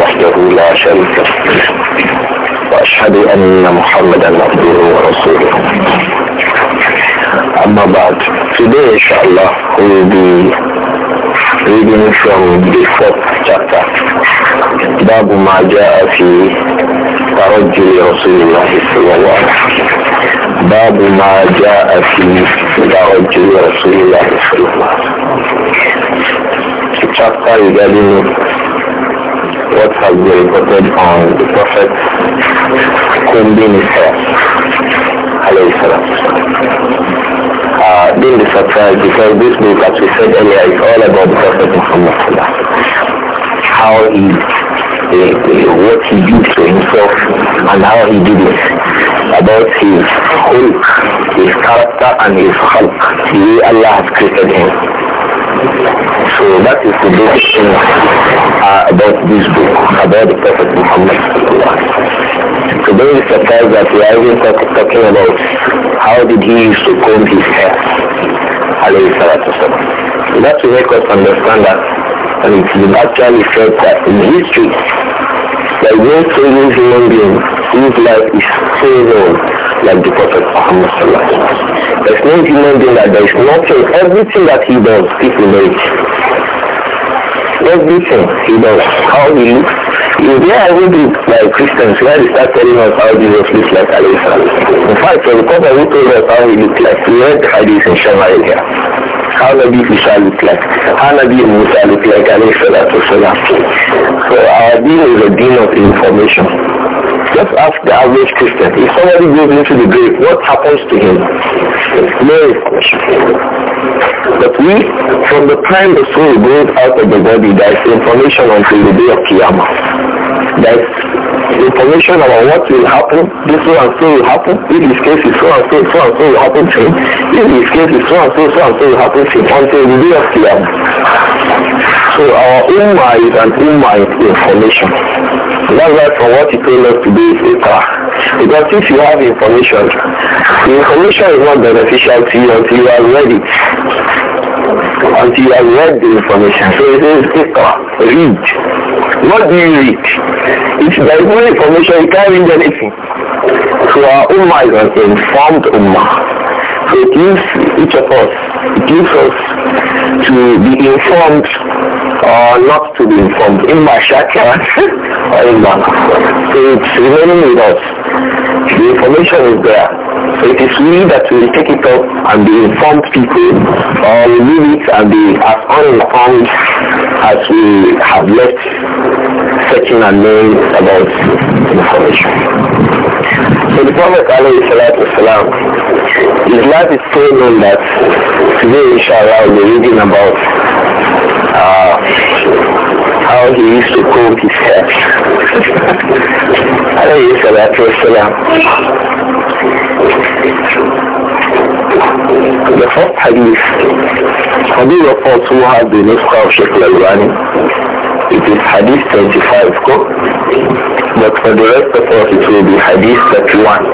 وحده لا شريك له وأشهد أن محمدا عبده ورسوله اما بعد Today, الله we will be reading from the fourth chapter. باب ما جاء في ترجل رسول الله صلى الله عليه وسلم باب ما جاء في ترجل رسول الله صلى الله عليه وسلم The chapter what has been reported on the Prophet combing his hair. Uh, Being surprised because this book, as we said earlier, is all about the Prophet Muhammad. How he, uh, what he did to himself and how he did it. About his hulk, his character and his hulk, the way Allah has created him. So that is the basic thing uh, about this book, about the Prophet Muhammad. So don't be that we are even talk, talking about how did he used to comb his hair, alayhi salatu So that will make us understand that and it is actually said that in history, there is no single human being whose life is favored like the Prophet Muhammad Sallallahu Alaihi Wasallam. There's no human being that there is nothing, everything that he does, people know it. Everything he does, how he looks. If they are really like Christians, where they start telling us how Jesus looks like Alayhi In fact, when the Prophet who told us how he looked like, we read the hadith in Shammai here how Nabi Isa look like, how Nabi Musa look like, alayhi salatu wasalam. So our deen is a deen of information. Just ask the average Christian. If somebody goes into the grave, what happens to him? Miracles. But we, from the time the soul goes out of the body, there is information until the day of Qiyamah. There is information about what will happen, this so and so will happen, In this case is so and so, so and so will happen to him, this case is so and so, so and so will happen to him until we day of to So our ummah is an ummah information. That's why from what he told us today is ikrah. Because if you have information, the information is not beneficial to you until you are ready until have read the information. So it is iqra, read. What do you read? If there is no information, you can't read anything. So our Ummah is an informed Ummah. So it gives each of us, it gives us to be informed or not to be informed. In my going or i am going So it's remaining with us. The information is there. So it is we that will take it up and be informed people or we leave it and be as uninformed as we have left searching and knowing about information. So the Prophet Allah والسلام, his life is so known that today inshallah we'll be reading about uh, how he used to comb his hair. Allah لفظ حديث حديث وفاصوها بنسخة وشكل ألواني It is Hadith 25 ko But for the rest of us it will be Hadith 31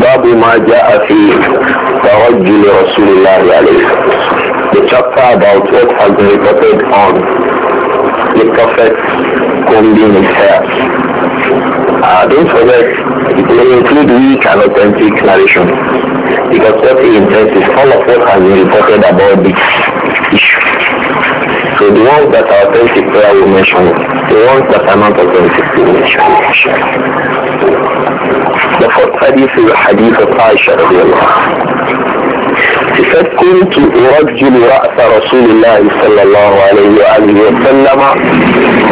باب ما جاء في ترجل رسول الله عليه The chapter about what has been reported on the prophet combing his hair uh, don't forget, it include weak and authentic narration. Because what he intends is all of what has been reported about this issue. So the ones that are authentic prayer will mention The ones that are not authentic will mention The fourth hadith is the hadith of Aisha radiallahu said كنت أرجل رأس رسول الله صلى الله عليه وآله وسلم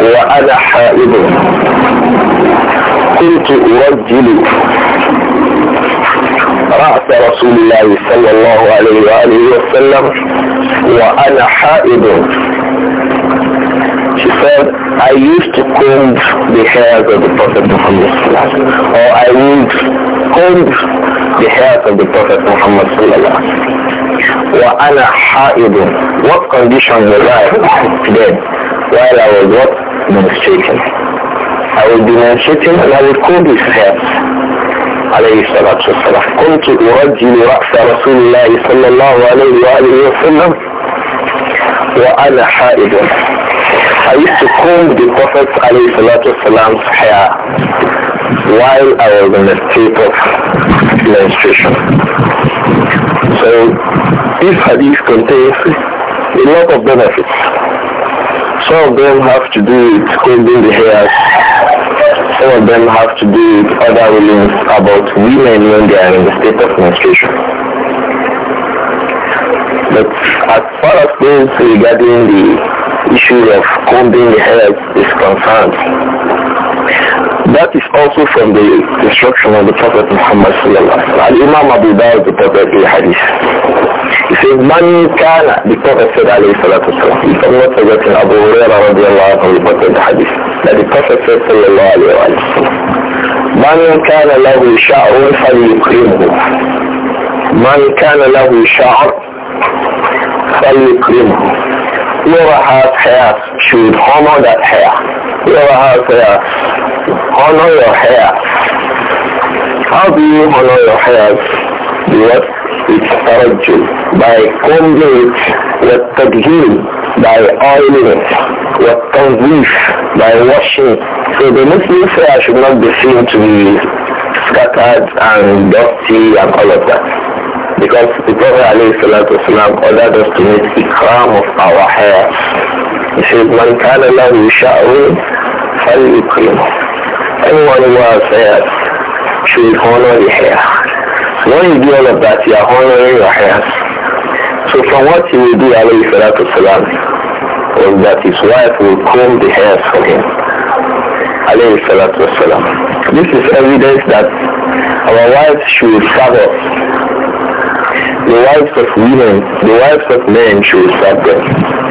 وأنا حائض كنت أرجل رأس رسول الله صلى الله عليه وآله وسلم وأنا حائض She said, I used to comb the hairs of the Prophet Muhammad or I would comb the hairs of the Prophet Muhammad وأنا حائد What condition was I then while I was what? Menstruating. أو بناشتهم أنا الكوب فهات عليه الصلاة والسلام كنت أرجل رأس رسول الله صلى الله عليه وآله وسلم وأنا حائد I used to عليه الصلاة والسلام hair while I was in a state of menstruation. So this hadith contains a lot of benefits. Some of them have to do with holding the hairs. Some of them have to do with other rulings about women when they are in the state of menstruation. But as far as those regarding the issue of combing the hair is concerned, That is also from the instruction of the Prophet Muhammad sallallahu alaihi Imam Abu Dawud reported the hadith. He says, "Man kana," the Prophet said alayhi salatu sallam. If I'm not forgetting, Abu Hurairah radiallahu anhu reported the hadith. That the Prophet said sallallahu alayhi wa sallam, "Man kana lahu sha'run falyukrimhu." Man kana lahu sha'r falyukrimhu. Whoever has hair should honor that hair. Whoever has hair, honor your hair. How do you honor your hair? What? It's tarajju. By combing it, with tadjil, by oiling it, with tanzif, by washing So the Muslim hair should not be seen to be scattered and dusty and all of that because the Prophet والسلام, ordered us to make the crown of our hair he says, Man kana lahu sha'un falyukrim. Anyone who has hair should honor the hair. When you do all of that, you are honoring your hair. So from what he will do, will salatu salam, and that his wife will comb the hairs for him. Alayhi salatu salam. This is evidence that our wives should serve us. The wives of women, the wives of men should serve them.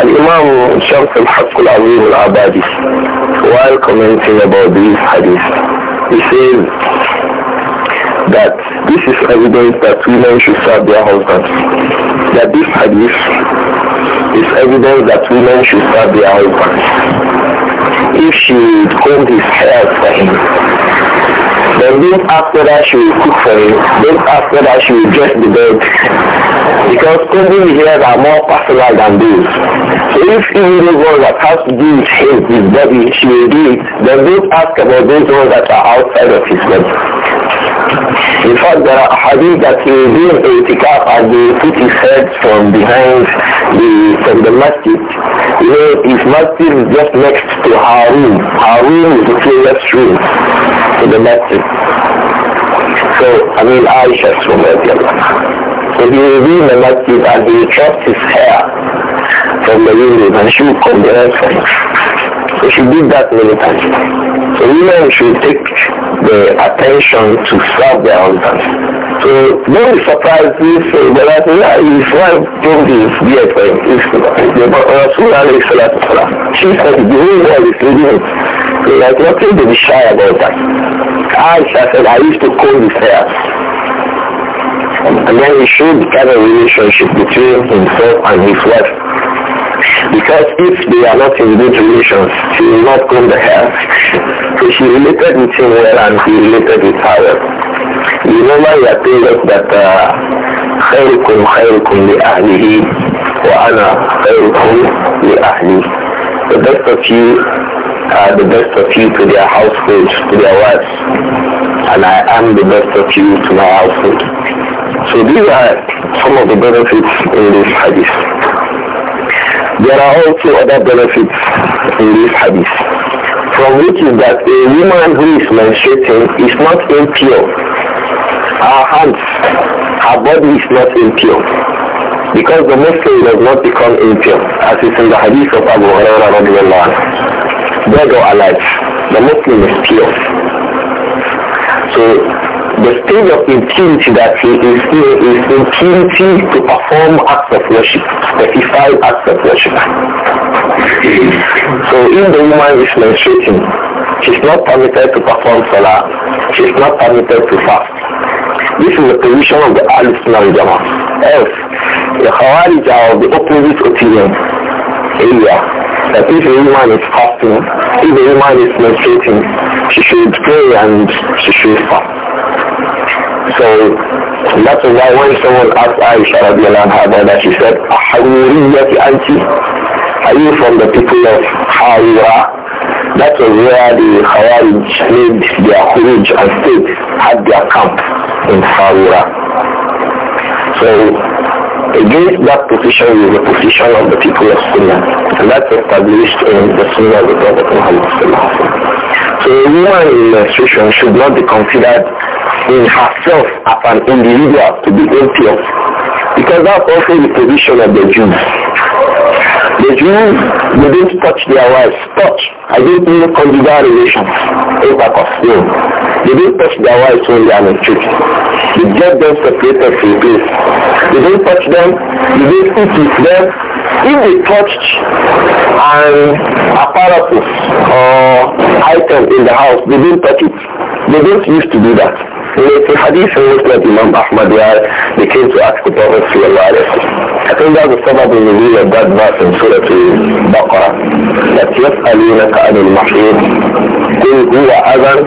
Al-Imam Shams al-Haq al al-Abadi, while commenting about this hadith, he says that this is evidence that women should serve their husbands. That this hadith is evidence that women should serve their husbands. If she combed his hair for him, then don't ask whether she will cook for you. Don't ask whether she will dress the bed. because clothing here are more personal than those. So if even those ones that has to do with him, his body, she will do it, then don't ask about those ones that are outside of his body. In fact, there are hadith that he will do in itikaf and they put his head from behind the, from the masjid. You know, his masjid is just next to Harun. Harun is the clearest room to the masjid. So, I mean, Aisha's woman. So he will be in the masjid and he will trust his hair from the urine and she will come the from it. So she did that many times. So women should take the attention to serve their husband. So don't be surprised if uh, the last yeah, his wife told his dear friend, if Rasul alayhi salatu salam, she said the whole world is So there's nothing they be shy about that. used to العيش تكون hair. And then he should have a relationship between himself and his wife. Because if they are not in good relations, she will not come the hair. So she related with him well and he related with her well. You why you are told us that خيركم خيركم لأهله وأنا خيركم لأهلي. The best of you are the best of you to their households, to their wives, and I am the best of you to my household. So these are some of the benefits in this hadith. There are also other benefits in this hadith, from which is that a woman who is menstruating is not impure. Her hands, her body is not impure because the menstruation does not become impure, as is in the hadith of Abu Hurairah dead or alive, the Muslim is pure. So the stage of impurity that he is is impurity to perform acts of worship, specified acts of worship. so if the woman is menstruating, she's not permitted to perform salah, she's not permitted to fast. This is the position of the Al-Sunnah Jama. Else, the Khawarij are of the opposite opinion. Area that if a woman is fasting, if a woman is menstruating, she should pray and she should fast. So that's why when someone asked Aisha radiallahu anha that she said, Ahawiriyati anti, are you from the people of Hawira? That was where the Khawarij made their Khuruj and state had their camp in Hawira. So Against that position is the position of the people of Sunnah. And that's established in the Sunnah of the Prophet Muhammad So a woman in menstruation should not be considered in herself as an individual to be of, Because that's also the position of the Jews. The Jews didn't touch their wives. Touch. I didn't mean conjugal relations. Intercourse. No. They don't touch their wives when they are church. They get them separated from place. They don't touch them. They don't eat with them. If they touched an apparatus or item in the house, they don't touch it. They don't used to do that. في حديث مسند الإمام أحمد يعني لكي أسكت الرسول الله عليه وسلم لكن هذا السبب النزول الداد في سورة البقرة التي يسألونك عن المحيط قل هو أذن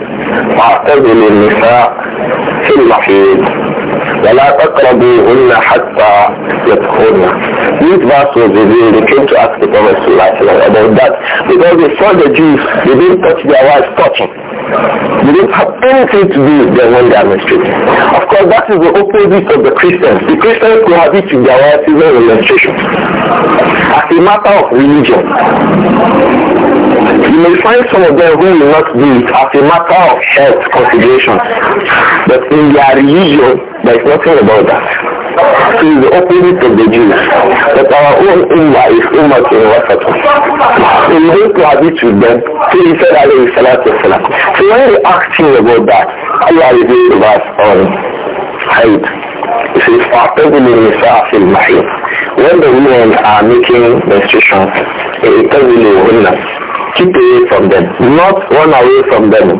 فاعتزلوا النساء في المحيط وَلَا تَقْرَبُوهُنَّ حَتَّى These verse was revealed, they came to ask the Prophet about that. Because they saw the Jews, they didn't touch their wives touching. They didn't have anything to do with their own menstruation. Of course, that is the opposite of the Christians. The Christians cohabit with their wives even in menstruation. As a matter of religion. You may find some of them who will not do it as a matter of health consideration. But in their religion, there is nothing about that. So it's the opposite of the Jews. But our own Ummah is Ummah to Wasatu. So you don't cohabit with them. So he said, alayhi salatu wasalam. So when they asked him about that, Allah revealed the verse on height. He says, فَاعْتَبِلِ النِّسَاءَ فِي الْمَحِيطِ When the women are making menstruation, they تَبِلِ هُنَّ keep away from them, not run away from them.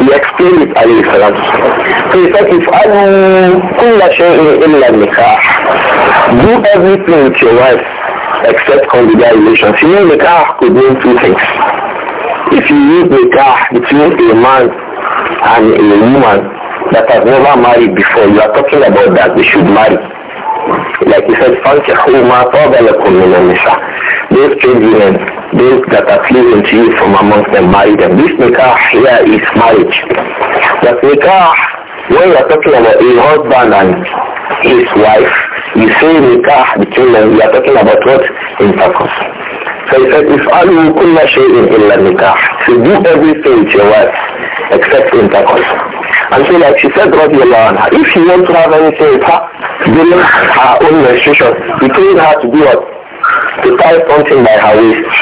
He explained it alayhi salam. So he said, if I kulla shay'in illa nikah, do everything with your wife except conjugal relations. You know nikah could mean two things. If you use nikah between a man and a woman that has never married before, you are talking about that they should marry. Like he said, those children, those that are pleasing to you from amongst them, marry them. This nikah here is marriage. But nikah, when you are talking about a husband and his wife, you say nikah between them, you are talking about what? Intercourse. So he said, if all you could not show in illa nikah, to do everything with your wife, except intercourse. And so like she said, radiallahu anha, if you want to have anything with her, during her own menstruation, you told her to do what? to tie something by her waist.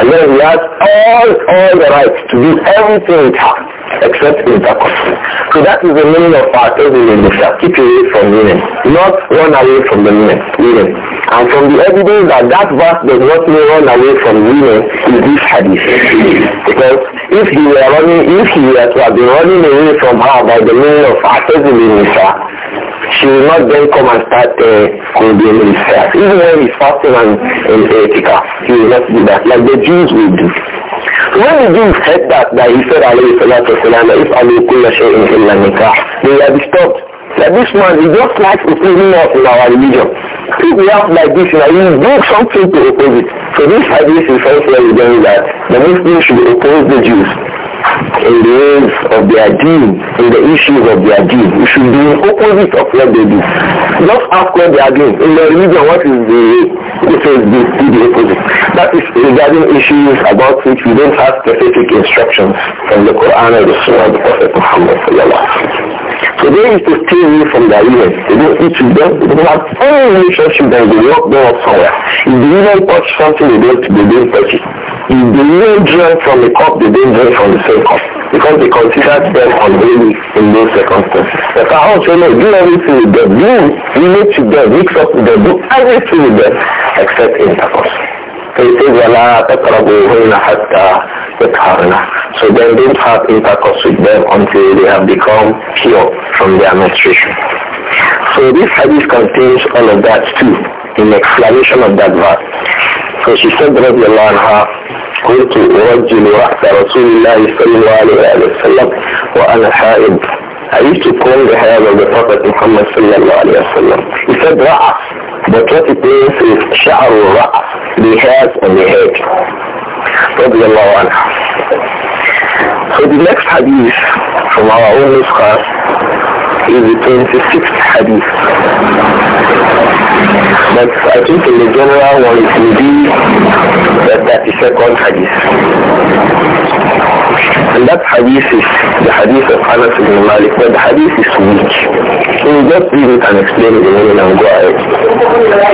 And then he has all, all the rights to do everything with her except in taqasul. So that is the meaning of our in Islam. Keep away from women. Not run away from the women. women. And from the evidence that that verse does not mean run away from women is this hadith. Because if he were running, if he were to have been running away from her by the meaning of Atazil in she will not then come and start uh, condemning himself. Even when he's fasting and in etika, uh, he will not do that, like the Jews will do. So when the Jews heard that, that he said, Allah is السلامة افعلوا كل شيء إلا النكاح هي دي That this man, he just likes opposing us in our religion. If we like this, now you do something to oppose it. So this hadith is also evidence that the Muslims should oppose the Jews in the ways of their deen, in the issues of their deen. We should be opposite of what they do. Not ask what they are doing. In the religion, what is the it is the, the, the opposite. That is regarding issues about which we don't have specific instructions from the Quran or the Sunnah of the Prophet Muhammad. So there is to stay away from their ears. They don't eat with them. They don't have any relationship that they walk them up somewhere. If they even touch something, they don't, they don't touch it. If they even drink from the cup, they don't drink from the same cup because they consider them unholy in those circumstances. But I say. know, do everything with them, do relate to them, mix up with them, do everything with them except intercourse. So he says, وَلَا تَقْرَبُوهُنَّ حَتَّى So then don't have intercourse with them until they have become pure from their menstruation. So this hadith contains all of that too, in explanation of that verse. So she said, رضي الله عنها, كنت أرجل رأس رسول الله صلى الله عليه وسلم وأنا حائض I used to call the hair of the Prophet Muhammad sallallahu alayhi wa sallam. He said ra'a, but what it means is sha'ru ra'a, the hairs on the head. Radiallahu anhu. So the next hadith from our own class is the 26th hadith. But I think in the general one it will be the 32nd hadith. And that hadith is the hadith of Anas ibn Malik, but the hadith is weak. So we just read it and explain it in meaning and go ahead.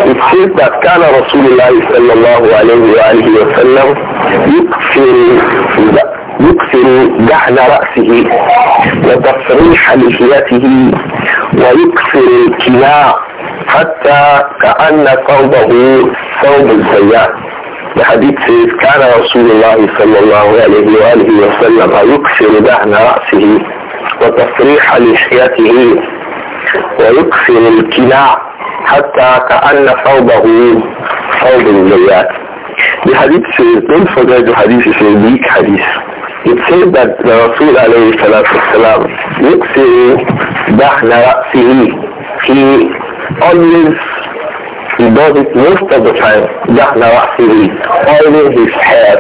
It says that كان رسول الله صلى الله عليه وآله وسلم يكفر يكثر جعل رأسه وتفريح لحيته ويكثر الكلاء حتى كأن ثوبه ثوب الزيات بحديث كان رسول الله صلى الله عليه وآله وسلم يكثر دهن رأسه وتفريح لحيته ويكثر الكلاء حتى كأن ثوبه ثوب الزيات The hadith says, don't forget the hadith is a weak hadith. It says that the Rasul alayhi salatu wasalam looks He always, he does it most of the time, dahna ra'sihi, oiling his hair.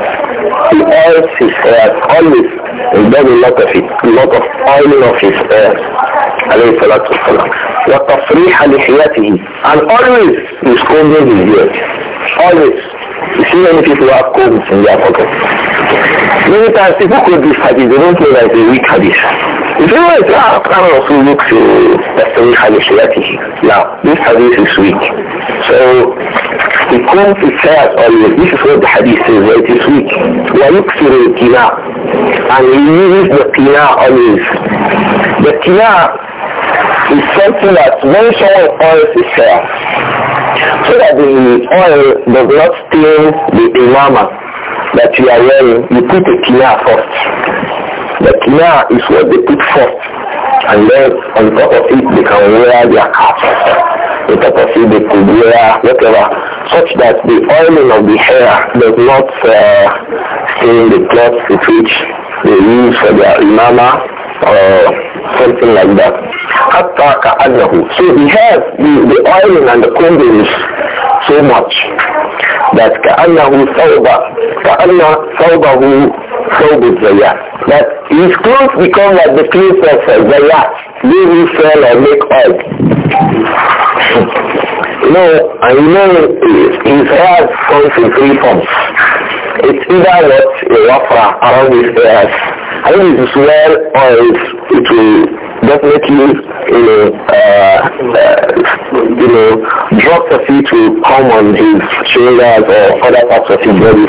He oils his hair, always. He does a lot of it, a lot of oiling of his hair. عليه الصلاة والسلام وتصريح لحياته and always he's combing his beard always see many people have colds in their pockets. Many times people quote this hadith, they don't know that a weak hadith. If you want to ask Quran also look to that's the weak hadith Now, this hadith is weak. So, the Quran says always, this is what the hadith says, that it is weak. We are looking the kina, And we use the kina always. The kina is something that when someone oils his hair, so that the oil does not stain the imama that you are wearing, you put a kina first. The kina is what they put first. And then on top of it, they can wear their cap. On top of it, they could wear whatever, such that the oiling of the hair does not uh, stain the cloth with which they use for their imama or uh, something like that. So he has the, the oiling and the cleansing is so much that كأنه sawba كأن ثوبه ثوب الزيات that his clothes become like the clothes of uh, Zayat, they will sell or make oil. No, I know Israel comes in three forms. It's either what you offer around his ears. I think it is well or it will definitely, you know, uh, uh, you know, drop the feet to come on his shoulders or other parts of his body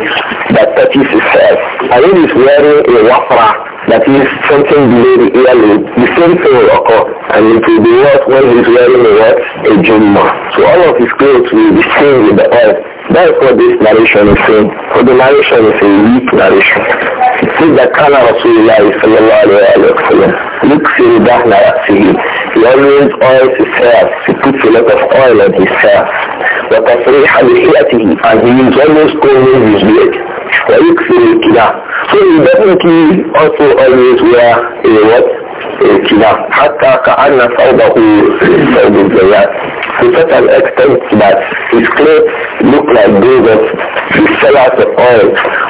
that touches his head. I think it's wearing a wafra that is something below the earlobe, the same thing will occur and it will be what when he's wearing a what? A jumma. So all of his clothes will be stained with the oil. That is what this narration is saying. For the narration is a weak narration. It says that Kana Rasulullah sallallahu alayhi wa sallam looks in that narrative. He always oils his hair. He puts a lot of oil on his hair. وَتَصْرِيحَ بِحِيَتِهِ And he is always combing his beard. ويكثر الكلام so it definitely also always wear a what a kila حتى كأن ثوبه ثوب الزيات to such an extent that his clothes look like those of the sellers of oil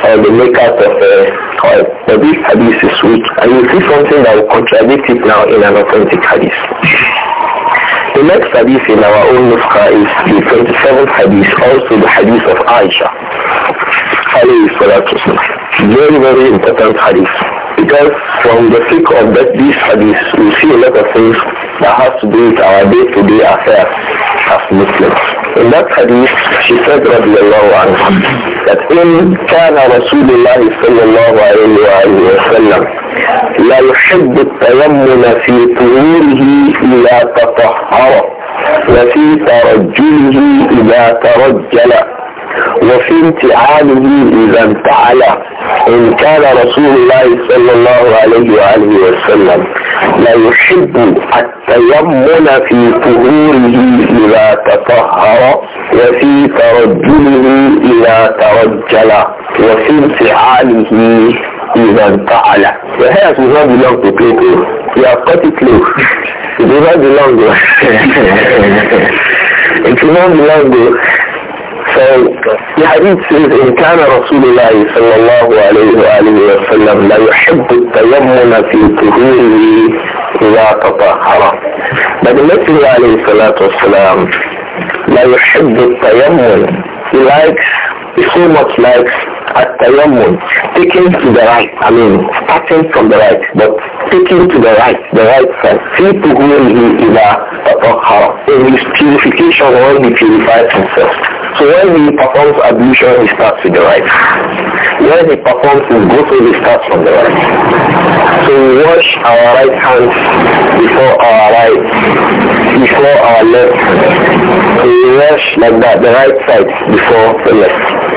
or the makers of uh, oil. But this hadith is weak. And you see something that will contradict it now in an authentic hadith. The next hadith in our own Nusqa is the 27th hadith, also the hadith of Aisha. very, very important hadith. Because from the sake of that, this hadith, we see a lot of things that has to do with our day-to-day affairs as Muslims. In that hadith, she said, رضي الله عنه, that إن كان رسول الله صلى الله عليه وسلم لا يحب التيمم في طهوره إذا تطهر وفي ترجله إذا ترجل وفي امتعانه إذا امتعل إن كان رسول الله صلى الله عليه وآله وسلم لا يحب التيمن في طهوره إذا تطهر وفي ترجله إذا ترجل وفي امتعانه إذا امتعل وهي تزاد لهم تقلقه يا قتل تزاد لهم انتظام لهم في حديث إن كان رسول الله صلى الله عليه وآله وسلم لا يحب التيمم في طهوره إذا تطهر بدمته عليه الصلاة والسلام لا يحب التيمم He likes so much like a tayammum, taking to the right, I mean, starting from the right, but taking to the right, the right side. See to whom in the a tatahara, in his purification when he purifies himself. So when he performs ablution, he starts with the right. When he performs his ghusl, he starts from the right. So we wash our right hand before our right, before our left. So we wash like that, the right side before the left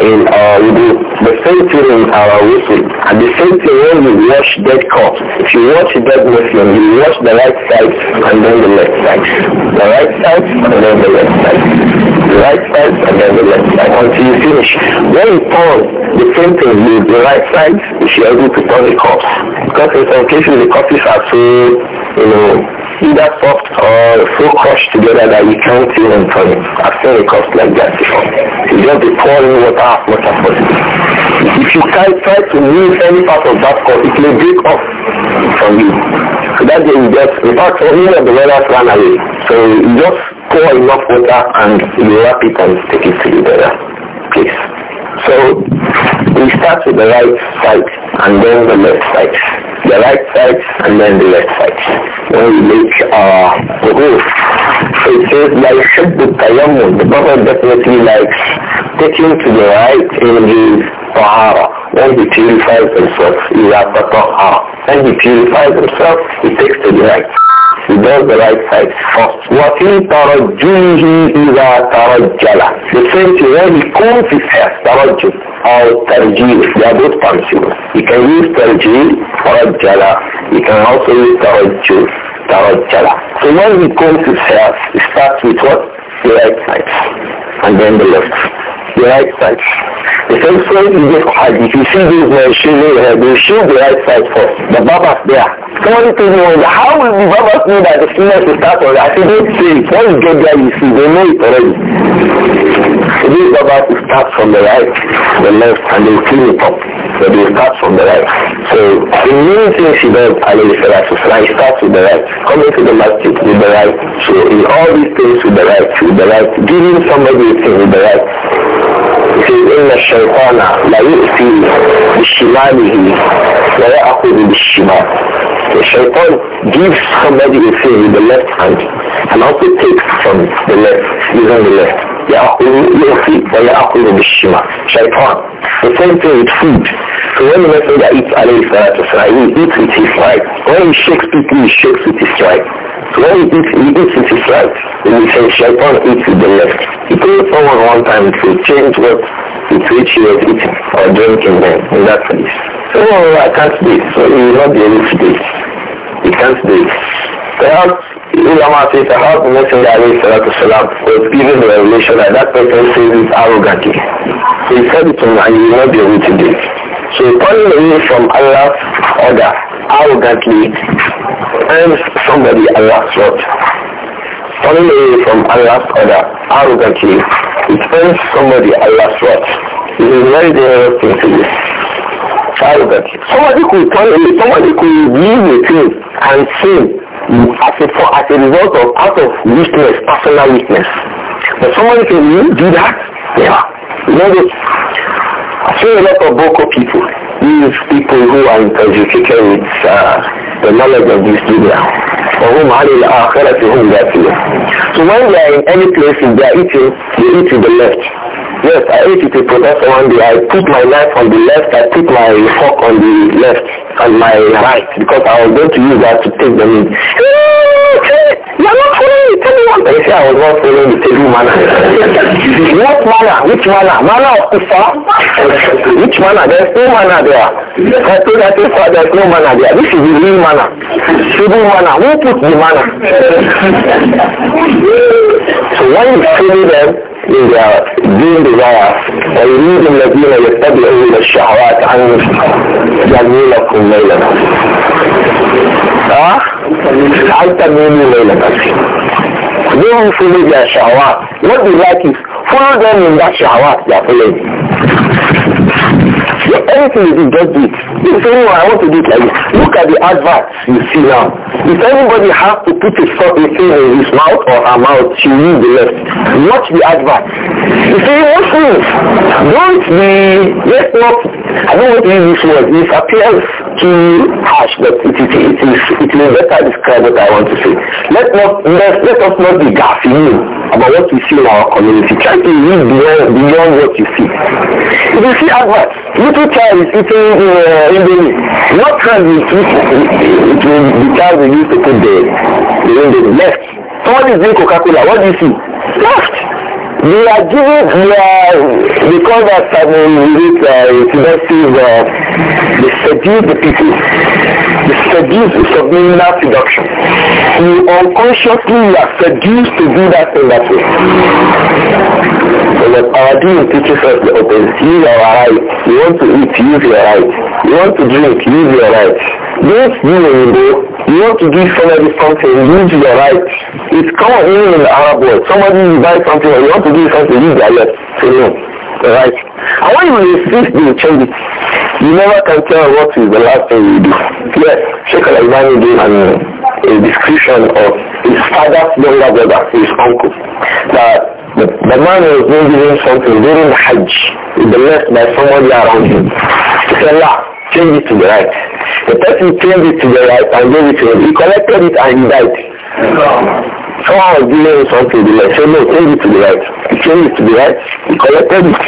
in uh, you do the same thing in our whistle. And the same thing when you watch dead cops. If you watch a dead Muslim, you watch the right side and then the left side. The right side and then the left side the right side and then the left side until you finish. When you turn, the same thing with the right side, you should be able to turn the cups. Because in some cases the cups are so, you know, either soft or so crushed together that you can't even turn it. I've seen a cups like that before. You just be pouring water as much as possible. If you try, try to move any part of that cup, it may break off from you. So that day you just, in fact, so of the weathers ran away. So you just pour enough water and you wrap it and stick it to the better Please. So we start with the right side and then the left side. The right side and then the left side. When we make uh, the roof. it says like Shabbat Tayammud. The Prophet definitely likes taking to the right in tahara. When he purifies himself, he has the tahara. When he purifies himself, he takes the right. He does the right side first. he تَرَجُّيهِ إِذَا تَرَجَّلَ The same thing when he combs his hair, تَرَجُّ or تَرْجِيل. They are both permissible. You can use تَرْجِيل, تَرَجَّلَ. You can also use تَرَجُّ, تَرَجَّلَ. So when he combs his hair, he starts with what? the right side, and then the left, the right side. The same way is this Hajj, if you see these men shaving they shoot the right side first. The Babas there. Somebody told me, how will the Babas know that the seniors will start on I said, don't say it. Once you get there, you see, they know it already. So these Babas will start from the right, the left, and they clean it up. That they start from the right. So in many things he does, alayhi salatu wasalam, he starts with the right. Coming to the masjid with the right. So in all these things with the right, with the right. Giving somebody a thing with the right. He says, إن الشيطان لا يؤتي بشماله ويأخذ بالشمال. The shaitan gives somebody a thing with the left hand and also takes from the left, using the left. يأكل بالشمال شيطان The same thing with food. So when the messenger eats alayhi salatu he eats with his right. When he shakes people, he shakes with his right. So when he eats, he eats with his right. And he says shaitan eats with the left. He told someone one time to change what with which he was eating or drinking then in that place. So oh, I can't do it. So he will not be able to do it. He can't do it. Perhaps Ulama says about the Messenger alayhi to salam was given the revelation that that person says it arrogantly. So he said it to him and he will not be able to do it. So turning away from Allah's order arrogantly earns somebody Allah's wrath. Turning away from Allah's order arrogantly, it earns somebody Allah's wrath. It is a very dangerous thing to do. Arrogantly. Somebody could turn away, somebody could leave the thing and sin as a, for, as a result of out of weakness, personal weakness. But somebody can you do that? Yeah. You know this. I see a lot of Boko people, these people who are intoxicated with uh, the knowledge of this Judah, whom whom So when they are in any place, and they are eating, they eat to the left. Yes, I ate it a professor one day. I put my knife on the left, I put my fork on the left and my right because I was going to use that to take the meat. You're not following the table man. They say I was not following the table manner. what manner? Which manner? Manner of far. Which manner? There's no manner there. I told that far. there's no manner there. This is the real manner. Civil manner. Who put the manner? so when you follow them, من دين بضاعف ويريد الذين يتبعون الشهوات عن يميلكم ليلة آه؟ ها؟ ها؟ تميني ليلة دون فلوس يا ها؟ ما دلوقتي فلوس ها؟ ده شهوات يا ها؟ See, anything you just do it. You say, no, I want to do it like this. Look at the adverts you see now. If anybody has to put a, a thing in his mouth or her mouth, she will the rest. Watch the advert. You see, this, don't be, let's not, I don't want to use this word. It appears too harsh, but it, it, it, is, it will better describe what I want to say. Let, not, let, let us not be gaffing about what we see in our community. Try to read beyond, beyond what you see. If you see adverts, little child is eating uh, indomie, what hand will eat to the child will use to put the, the indomie? Left. Someone is doing Coca-Cola, what do you see? Left. We are giving are, because of some unique incidences of the seduce the people. The seduce the subliminal seduction. We unconsciously you are seduced to do that in that way. So that our deen teaches us the opposite. Use our right. You want to eat, use your right. You want to drink, use your right. Don't do you want to give somebody something, use your right. It's common in the Arab world. Somebody buy something, you want to do you first? They use their left. Say no. right. And when you resist, change You never can tell what is the last thing you do. Yes, Sheikh Al-Albani gave an, a description of his father's younger brother, his uncle, that the, the man was being given something during the Hajj, the left by somebody around him. He said, La, change it to the right. The person changed it to the right and gave it to him. He collected it and he died. Someone was dealing with something to the left. Say, no, change it to the right. He changed it to the right. He collected it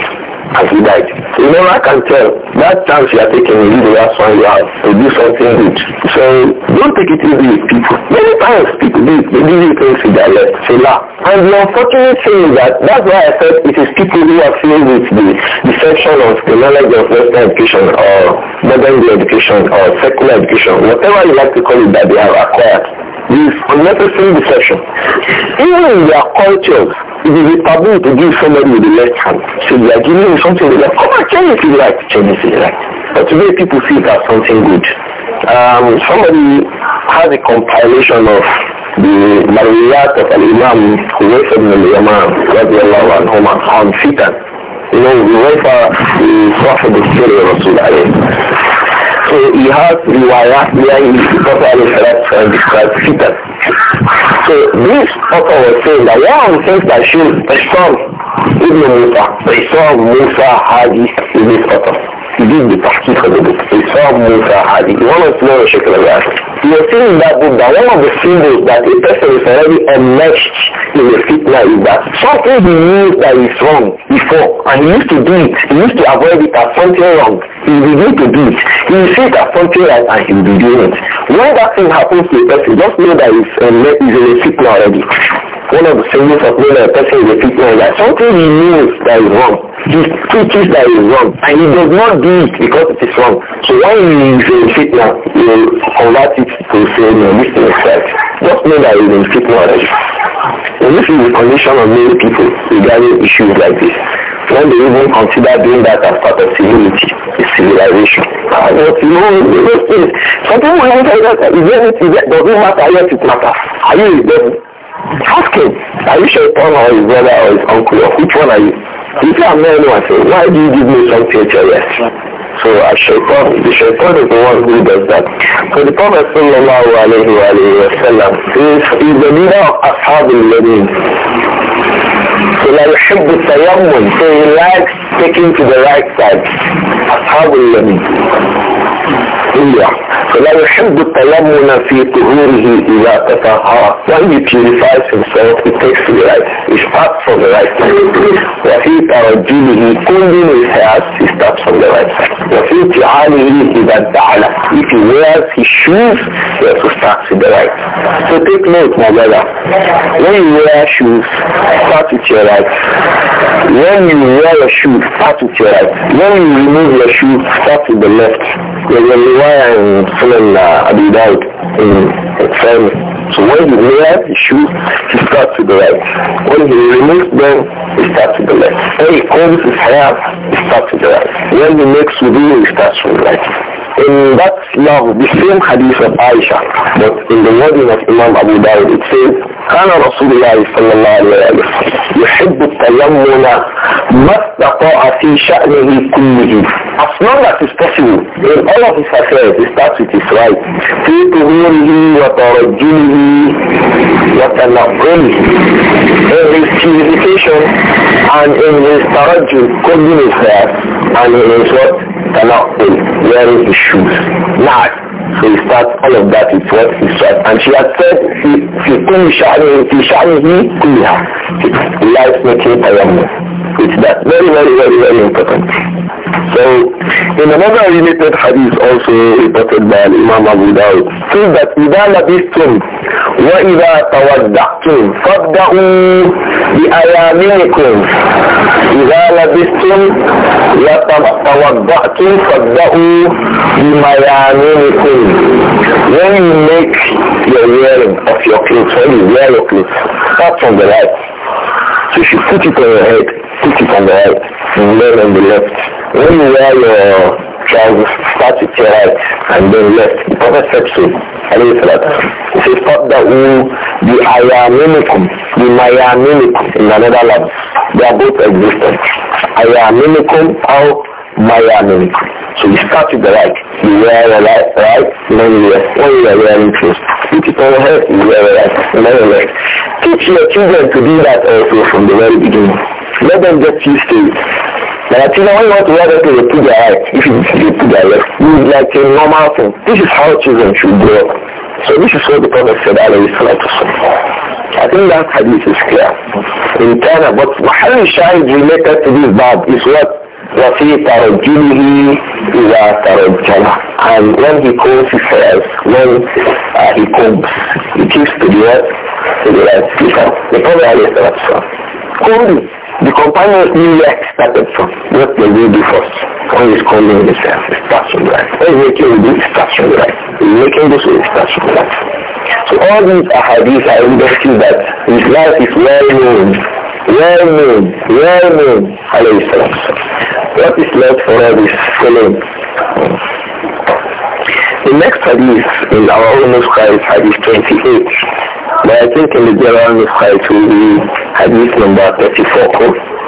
as he died. So you never can tell. That chance you are taking is the last one you have to do something good. So don't take it easy with people. Many times people do they give you things with their left. Say la. And the unfortunate thing is that that's why I said it is people who are filled with the deception of the knowledge of Western education or modern education or secular education, whatever you like to call it that they have acquired is unnecessary deception. Even in their cultures, it is a taboo to give somebody with the left hand. So they are giving him something they like, come on, change it to the right, change it to the right. But today people see that something good. Um, somebody has a compilation of the Mariyat of Al-Imam Huwais ibn al-Yaman radiallahu anhu on fitan. You know, we Huwaifa the Prophet of Syria Rasul So he has riwayat where he is Prophet alayhi salatu wasalam described fitan. So this author was saying that one of the things that shows the son Ibn Musa, the son of Musa had in this author. تجيب بالتحقيق الاتصال مساعدي one of the شكل الآخر You're seeing that book that one of the symbols that a person is already enmeshed in a fitna is that something he knew that is wrong before and he used to do it, he used to avoid it as something wrong. He will to do it. He will see as something right and he will be doing it. When that thing happens to a person, just know that he's, a fitna already one of the symbols of when a person is a fitna is that something he knows that is wrong. He teaches that is wrong and he does not do do because it is wrong. So when you is in fitna, you convert it to say, no, this thing is right. Just know that you're in fitna already. And this is the condition of many people regarding issues like this. When they even consider doing that as part of civility, is civilization. Ah, but you know, those things, some people will tell that, is there anything doesn't matter, yet it matters. Are you a devil? Ask him, are you sure? Shaitan or his brother or his uncle, or which one are you? If I'm not innocent, why do you give me something to yes? So should call. the shaitan is the one who does that. So the Prophet sallallahu alayhi wa alayhi wa sallam is, is the leader of Ashab al-Yameen. So la yuhibbu tayammun, so he likes taking to the right side. Ashab al-Yameen. إلا فلا يحب التيمم في طهوره إذا تطهر When he purifies himself, he takes the right. He starts from the right side. وفي ترجله combing his hair, he starts from the right side. وفي تعاله إذا دعل If he wears his shoes, he also starts with the right. So take note, my brother. When you wear shoes, start with your right. When you wear a shoe, start with your right. When you remove your shoes, start with the left. When you riwayah in Sunan uh, Abi Dawud in Sahih. So when he wears his shoes, he starts to the right. When he removes them, he starts to the left. When he combs his hair, he starts to the right. When he makes wudu, he starts with the right. In that love, the same hadith of Aisha, but in the wording of Imam Abu Dawud, it says, كان رسول الله صلى الله عليه وسلم يحب التيمم ما استطاع في شأنه كله. As long as it's possible, in all of his affairs, he starts with his right. في طهوره وترجله وتنقله. In his purification and in his tarajul, clothing his hair, and in his what? تنقل, wearing shoes, mad. So he starts, all of that is what he said. And she had said, she, she couldn't shine, she shine me, kuya. He likes making tayammum. It's that very, very, very, very important. So, in another related hadith also reported by Imam Abu Dawud, says that إِذَا لَبِثْتُمْ وَإِذَا تَوَدَّعْتُمْ فَابْدَعُوا بأياميكم إذا لبستم وتوضعتم فابدأوا بميامينكم When you make your wearing of your clothes, when you wear your clothes, start from the right. So you should put it on your head, put it on the right, and then on the left. When you wear your Start started to right and then left. The Prophet said so. Alayhi salatu. He says, Fadda'u bi ayaminikum, bi mayaminikum in another Netherlands, They are both existent. Ayaminikum or mayaminikum. So you start with the right. You wear the right, right, then you wear, when you are wearing clothes. Put it on your head, you wear then you left. Teach your children to do that also from the very beginning. Let them get used to it. But you know, when you want to wear that, they put their right. If you put their left. It's like a normal thing. This is how children should grow So this is what the Prophet said, alayhi salatu I think that hadith is clear. In China. but Mahal Shahid related to this bab is what وفي ترجله إذا ترجل and when he calls his hair when uh, he comes, he keeps to the right to the right people the Prophet is the والسلام combing the companions knew where it started from. What they will do first. One is calling himself, it starts from the right. One is making wudu, it starts from the right. He's making this, it starts from the right. So all these ahadith are indicating that his life is well known. Well known, well known, alayhi salam. What is left for us is following. The next hadith in our own Nuskha is hadith 28. But I think in the general Nusra it will be hadith number 34.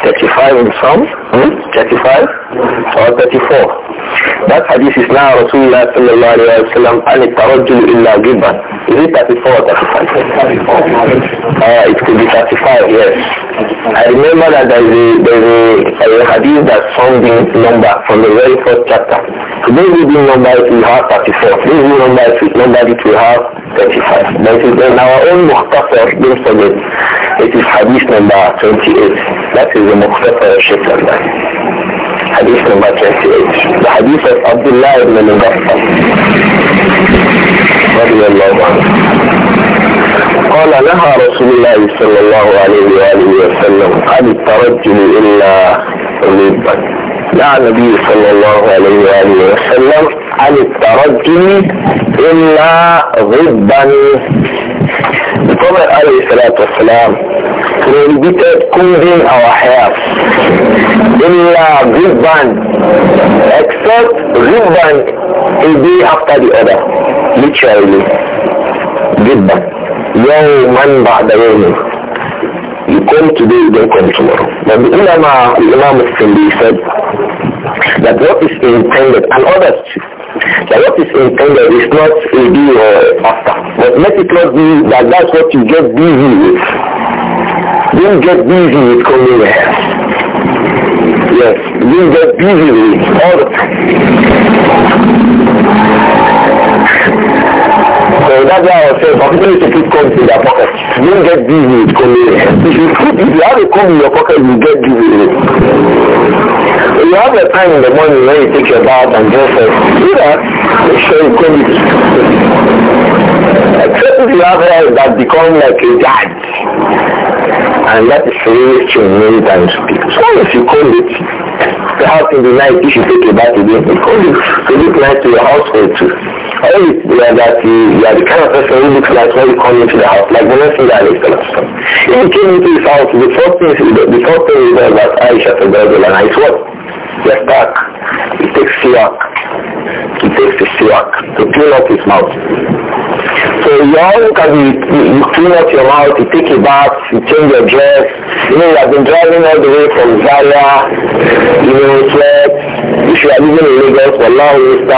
35 in some, hmm? 35 or 34. That hadith is now Rasulullah sallallahu alayhi wa sallam, أَنِ التَّرَجُّلُ إِلَّا جِبًّا is it 34 or 35? uh, it could be 35, yes. I remember that there is a, there is a, a hadith that found in number from the very first chapter. Today we who didn't number it will have 34. Today we number it, number it will have 35. But in our own Muqtasar, don't forget, it is hadith number 28. That is the Muqtasar of Sheikh حديث نمبر 28 حديث عبد الله بن مغفل رضي الله عنه قال لها رسول الله صلى الله عليه وآله وسلم عن الترجل إلا أليبك دعا النبي صلى الله عليه وآله وسلم عن الترجل إلا غبا النبي عليه الصلاة والسلام prohibited combing our hair. Illa ribban, except ribban a day after the other, literally. Ribban. man ba'da yawmin. You come today, you don't come tomorrow. But the ulama, the Imam Sindi said that what is intended, and others that what is intended is not a day or after. But let it not be that that's what you just busy with. Don't get busy with cleanliness. Yes, don't get busy with all the So that's why I was saying, particularly if you comes in their pocket, don't get busy with cleanliness. If you keep, if you have a comb in your pocket, you get busy with it. you have a time in the morning when you take your bath and dress up, do that, make sure you comb it. Except if you have hair that become like a judge and that is serious reaching many times people. So if you call it, house in the night if you take a bath again, you call it to look nice to your household too. Or if you are that you, you are the kind of person who looks like when you come into the house, like the messenger and the If you came into his house, the first thing is the, the first thing you that, about Aisha to Brazil and nice is what? Get back. He takes siwak. He takes the siwak to clean up his mouth. So you all look at you, you clean up your mouth, you take a bath, you change your dress. You know, you have been driving all the way from Zaria, you know, sweat, you should have even in Lagos for long distance,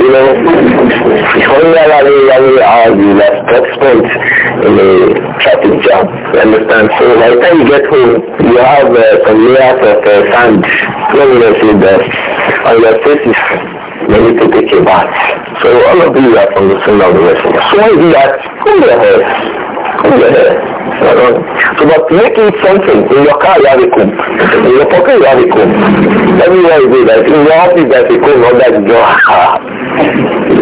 you know. If only Allah really, the last participant in a traffic jam, you understand? So by the time you get home, you have uh, some layers of uh, sand, cleanliness see dust on your faces. They need to take a bath. So all of these are from the Sunnah of the Messenger. So why is that? Who the hell? So but making something in your car you have a comb, in your pocket you have a comb, everywhere you go that in your office there's a comb, not that your heart.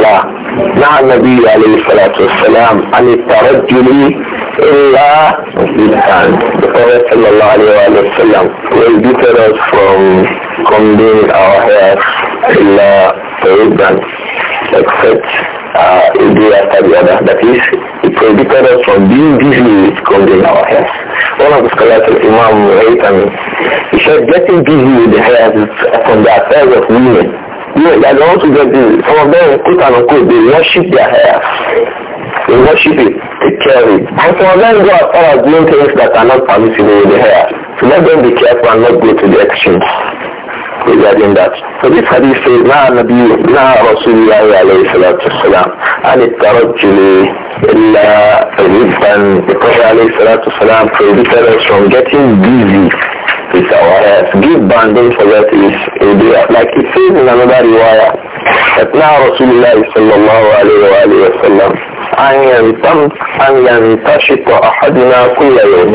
Yeah. نهى النبي عليه الصلاة والسلام عن الترجل Allah did and the Prophet sallallahu alayhi wa sallam prohibited us from combing our hair illa tawibban except uh, a day after the other. That is, it prohibited us from being busy with combing our hair. One of the scholars of Imam Haytham, he said getting busy with the hair is from the affairs of women. You know, they are the ones who get busy. Some of them, quote unquote, they worship their hair. They worship it. Take care of it. And for them go as doing things that are not permissible in the hair. So let them be careful and not go to the extremes regarding that. So this hadith says, Na Nabi, Na Rasulullah alayhi salatu salam, Anit tarajjuli illa rizban. The Prophet alayhi salatu salam prohibited us from getting busy with our heads. Give band, don't forget is Like it says in another riwayah, that Na Rasulullah sallallahu alayhi wa sallam, to a أن ينتشط أحدنا كل يوم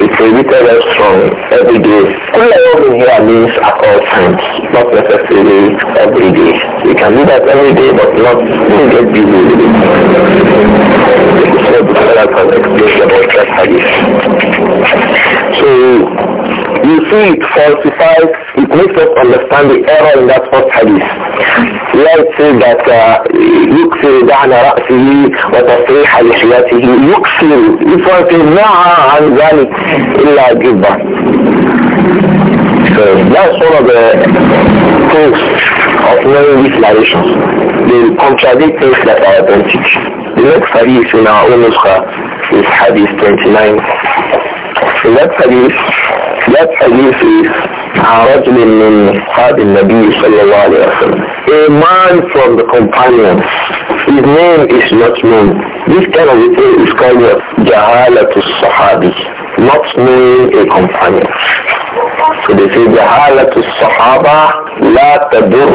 It prohibited us from every day. Kula yawmin here means at all times, not necessarily every day. We can do that every day, but not we get busy with it. So, the Salah can explain about that hadith. So, you see it falsified, it makes us understand the error in that first hadith. Let's say that uh, يكسر دعن رأسه وتصريح لحياته يكسر if one says نعى عن ذلك إلا جبا So that's one of the things of knowing these narrations. They contradict things that are authentic. The next hadith in our own nuskha is hadith 29 that hadith, that hadith is رجل من أصحاب النبي صلى الله عليه وسلم. A man from the companions. His name is not known. This kind of thing is called جهالة الصحابي. Not knowing a companion. So they say جهالة الصحابة لا تدر.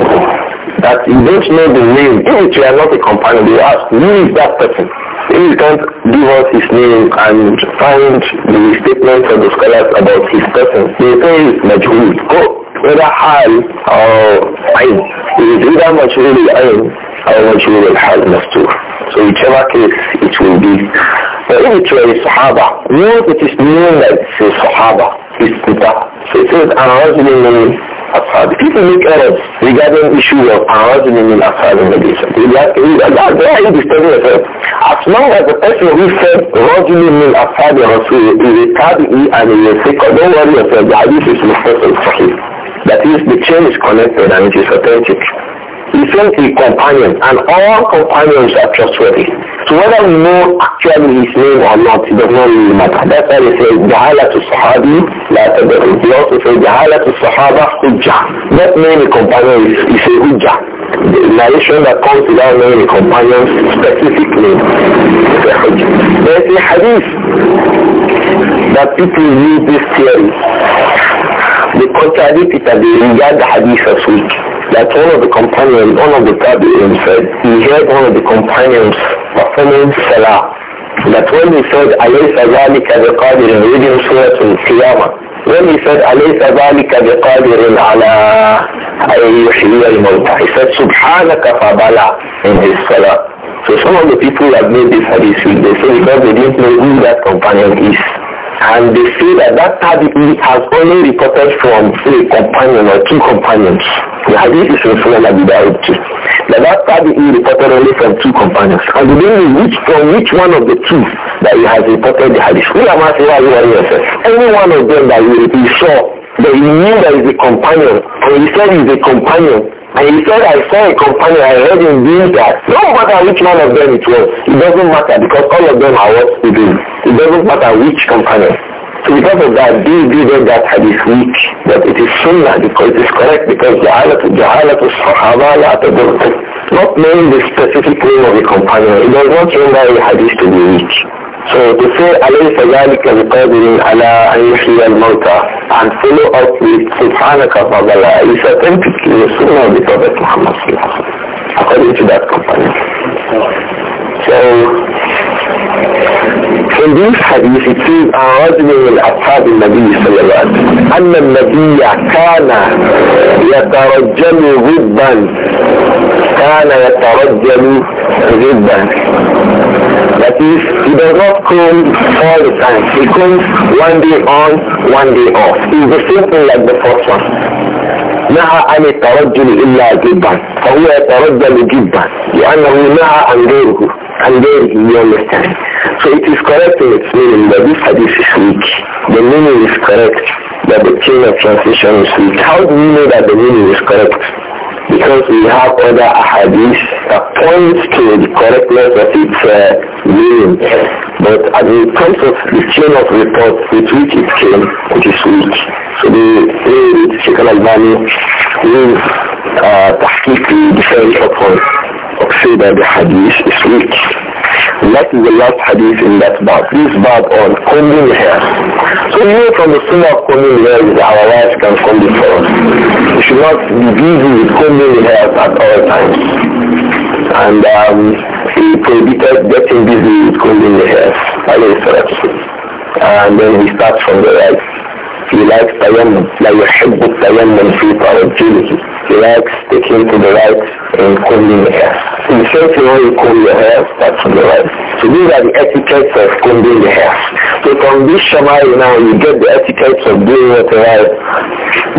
That you don't know the name. If you are not a companion, they ask, who is that person? If you can't give us his name and find the statements of the scholars about his person, they say it's Majhul. Go, whether Hal or Ain. It is either Majhul al-Ain or Majhul al-Hal Mastur. So whichever case it will be. But if it were a Sahaba, once it is known that it's a Sahaba, it's Peter. So it says, and ashab. People make errors regarding issue of arazin in the ashab in the They are why are you disturbing yourself? As long as the person who said rajul min ashab rasul is a tabi'i and is a sikh, don't worry yourself. The hadith is mustafa sahih. That is, the chain is connected and it is authentic. He sent a companion, and all companions are trustworthy. So whether we know actually his name or not, it does not really matter. That's why he say, Jahala to Sahabi, la They also say, Jahala to Sahaba, Hujja. Not name a companion is, is a Hujja. The narration that comes without knowing a companion specifically is a There's a hadith that people use this theory. They contradict it and they regard the hadith as weak that one of the companions, one of the tabi'in said, he heard one of the companions performing salah. That when he said, Alaysa dhalika in reading Surah Al-Qiyamah, when he said, Alaysa dhalika in ala ayyuhiyya al-mawta, he said, Subhanaka fabala in his salah. So some of the people that made this hadith, they say because they didn't know who that companion is and they say that that tabi'i has only reported from a companion or two companions. The hadith is from Sunan Abu Dawud That that tabi'i reported only from two companions. And the thing is which, from which one of the two that he has reported the hadith. We are asking why are Any one of them that will be saw but he knew that he's a companion. And he said he's a companion. And he said, I saw a companion, I heard him doing that. No matter which one of them it was, it doesn't matter because all of them are what to do. It doesn't matter which companion. So because of that, these readers that is weak, but it is sunnah because it is correct because the jahalat, jahalat, sahaba, la tadur not knowing the specific name of the companion, it does not render the hadith to be weak. So to say أليس ذلك بقادر ala أن يحيي الموتى and follow up with سبحانك فضلا is authentic the Sunnah of the Prophet Muhammad according to that companion. So in this hadith it says, النبي صلى الله عليه وسلم أن النبي كان غبا كان غبا That is, he does not come all the time. He comes one day on, one day off. It's the same thing like the first one. نهى عن الترجل إلا جدا فهو يترجل جدا لأنه نهى عن غيره عن غيره يوم الثاني So it is correct in its that this hadith is weak. The meaning is correct, that the chain of transmission is weak. How do you know that the meaning is correct? because we have other ahadith that points to the correctness of its uh, meaning. But as in terms of the chain of report with which it came, it is weak. So the way that Sheikh al-Albani will uh, tahqiq the defense upon of say that the hadith is weak. That is the last hadith in that bab, this bab on combing hair. So you know from the sunnah of combing hair is our wives can comb it for us. We should not be busy with combing hair at all times. And um, he prohibited getting busy with combing the hair. And then he starts from the right. He likes tayammum. لا يحب التيمم في ترجله. He likes sticking to the right and combing the hair. In the same thing you comb your hair, that's on the right. So these are the etiquettes of combing the hair. So from this shamari now you get the etiquettes of doing what right.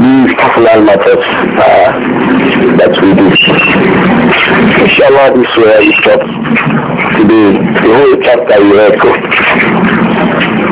These personal matters uh, that we do. Inshallah this will stop today. The whole chapter you read.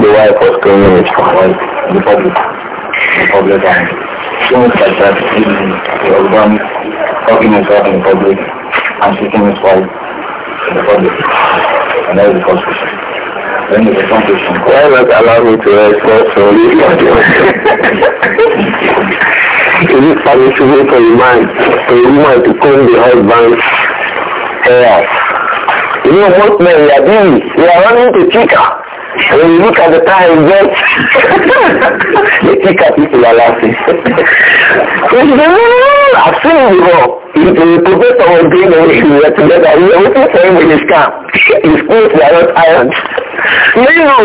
the wife was praying with the public, the public and things like that, the husband talking himself in public and kicking his wife in the public. And that is the first question. Then the Why not allow me to respond to you? is it permissible for a man, for woman to comb the husband's hair? You know, men, are doing, they are running to kicker. When you look at the time, just they pick up people are laughing. I've seen it before. If the professor was doing the work, together. We were waiting for him in his car. His clothes were not ironed. No! so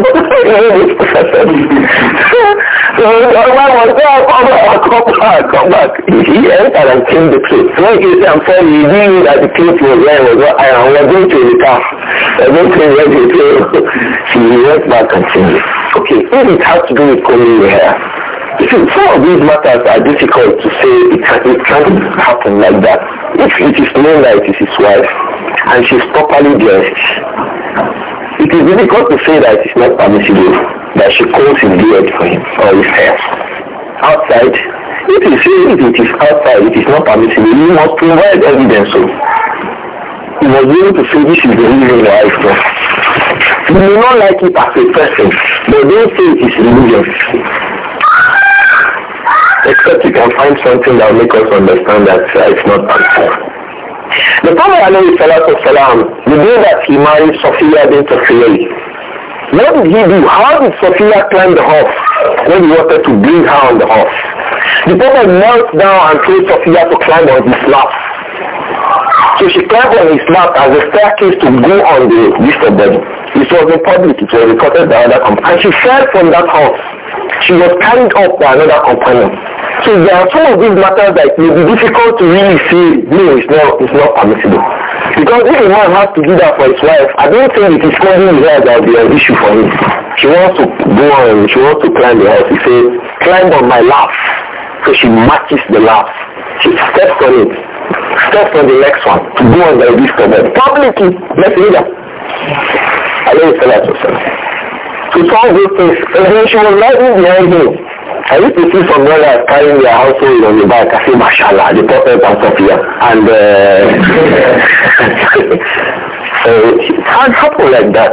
the man was there, come back, come back, come back. He entered and came the clothes. when he said, I'm sorry, he knew that the clothes was there, was not ironed. We going to the car. We were going to the radio. So he went back and changed it. Okay, if it has to do with combing your hair, some of these matters are difficult to say it, it can't happen like that. If it is known that it is his wife and she's properly dressed, it is difficult to say that it's not permissible that she calls his beard for him or his hair. Outside, if you say if it is outside, it is not permissible, you must provide evidence. So you must be able to say this is the reason why it's not. You may not like it as a person, but don't say it is religion except you can find something that will make us understand that uh, it's not possible. The Prophet alayhi salatu salam, the day that he married Sophia bint Sophia, what did he do? How did Sophia climb the horse when he wanted to bring her on the horse? The Prophet knelt down and told Sophia to climb on his lap. So she climbed on his lap as a staircase to go on the list of it was in public. It was reported by another companion. And she fell from that house. She was carried up by another companion. So there are some of these matters that it may be difficult to really say, no, it's not, it's not permissible. Because if a man has to do that for his wife, I don't think it is only her that will be an issue for him. She wants to go on, she wants to climb the house. He says, climb on my lap. So she matches the lap. She steps on it. Steps on the next one to go on the list of them. Publicly, let's read that alayhi To solve these things, and she was lying behind him. I used to see some brothers carrying their household on the back. I say, mashallah, the prophet and Sophia. And uh, so it can't happen like that.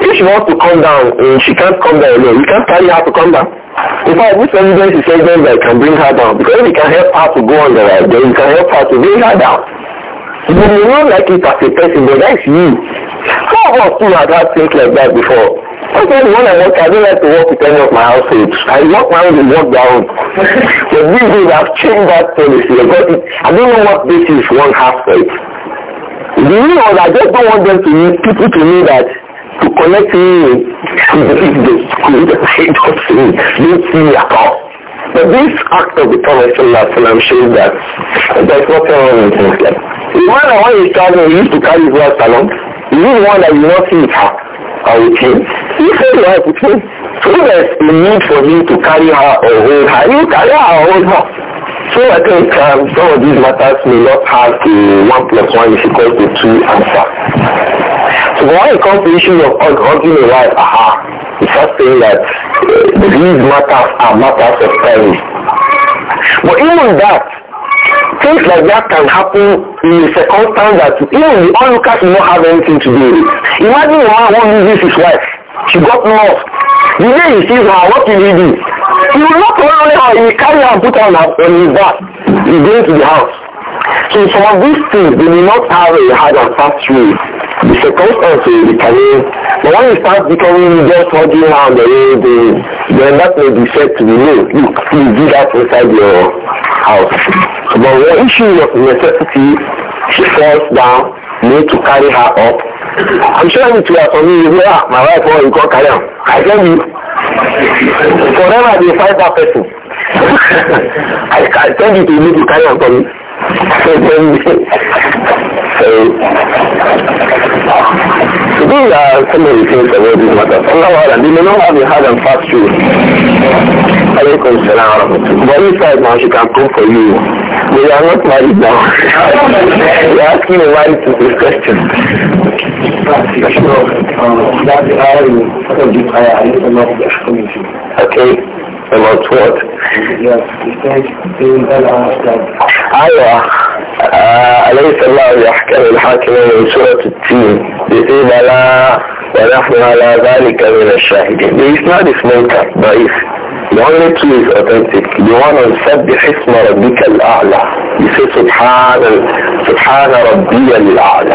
If she wants to come down, eh, she can't come down alone. You can't carry her to come down. In fact, this evidence is evidence that can bring her down. Because if you can help her to go on the right, then you can help her to bring her down. You may not like it as a person, but that's you. Some of us too have had things like that before. do when I work, I don't like to work with any of my households. I walk my own, walk down. but these days I've changed that policy I don't know what this is. one half of it. You know I just don't want them to meet people to meet that to connect me with the school that I don't see, don't see me at all. But this act of the Prophet I'm sure that there's nothing wrong with things like that. The man when traveling, used to carry his along. you one that you not see it or with him. You say you are with him. So is a need for me to carry her or hold her. You carry her or hold her. So I think um, some of these matters may not have a one plus one is equal to two answer. So when it comes to issues of hugging a wife, ah, it's just saying that uh, these matters are matters of time. But even that, Things like that can happen in a circumstance that even the onlookers will not have anything to do with it. Imagine a man who loses his wife. She got lost. The day he sees her, what will he do? He will not only her, he will carry her and put her on, on his back. He's going to the house. So some of these things, they may not have a hard and fast rule. The circumstances determine. But when you start becoming just hugging around eh, eh, the road, then that may be said to be no. Look, you do that inside your house. So, but the issue of necessity, she falls down, need to carry her up. I'm sure it was for me, you ah, my wife won't call carry her. I tell you, forever they find that person. I, I tell you to need to carry on for me. These are some of the things about this matter. Allah they may not have a hard and fast truth. Alaykum salam But inside now she can come for you. We are not married now. You're asking a wife to this question. Okay. about what? ايوه آه، اليس الله يحكم الحاكمين من سورة التين يقول لا ونحن على ذلك من الشاهدين This is not this منكر ضعيف The only key is authentic The one who سبح اسم ربك الأعلى You say سبحان سبحان ربي الأعلى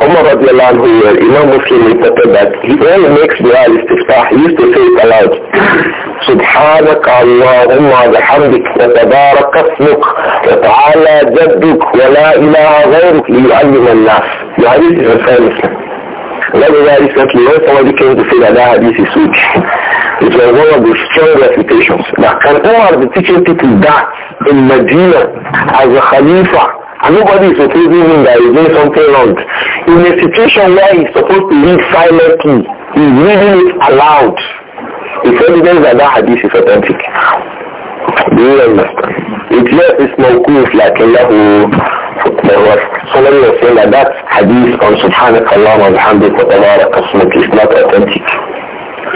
Umar الله عنه Imam Muslim reported that he, only he makes dua al-istiftah, he used to say it aloud. سبحانك اللهم وبحمدك وتبارك اسمك وتعالى جدك ولا إله غيرك ليعلم الناس. The hadith is referred Muslim. Another recently, when somebody came to say that that hadith is weak, it was one of the strong reputations. Now, can Umar be teaching people that in Medina as a Khalifa And nobody is accusing him that he's doing something wrong. In a situation where he's supposed to read silently, he's reading it aloud. It's evidence that that hadith is authentic. Do you understand? It's just is no proof like Allah Somebody was saying that that hadith on Subhanakallah wa bihamdik wa tabarak is not authentic.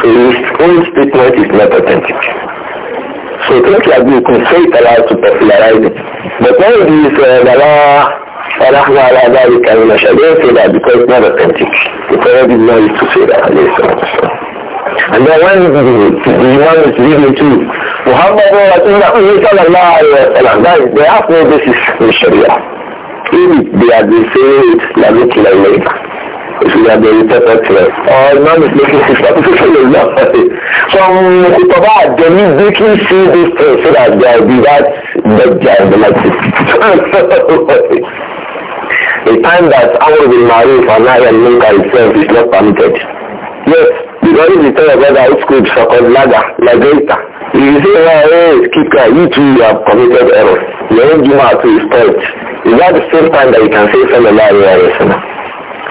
So his own statement is not authentic. So things like this, you can say it allowed to popularize it. But when it is uh, فنحن على ذلك من الشباب لا because not authentic. The Prophet did not used to say that عليه الصلاة والسلام. And then when the, the Imam is leading to Muhammad Rasulullah sallallahu that is, they have no basis in Sharia. If they are saying it, la mutila ilayka ìfìyàgbẹ̀ yìí pẹ́pẹ́ tirẹ̀ ọ iná mi pé kí n sísọ tó tó lè lọ so kò bá àjọ ní that I will be that gbẹ̀jà ìdọ́lájì. and look at itself is not permitted. yes the very the tell your brother out school for kodilaga lagreita you say well hey kika you too you have committed error your own juma too is spoilt is that the same time that you can say sallallahu alayhi wa sallam.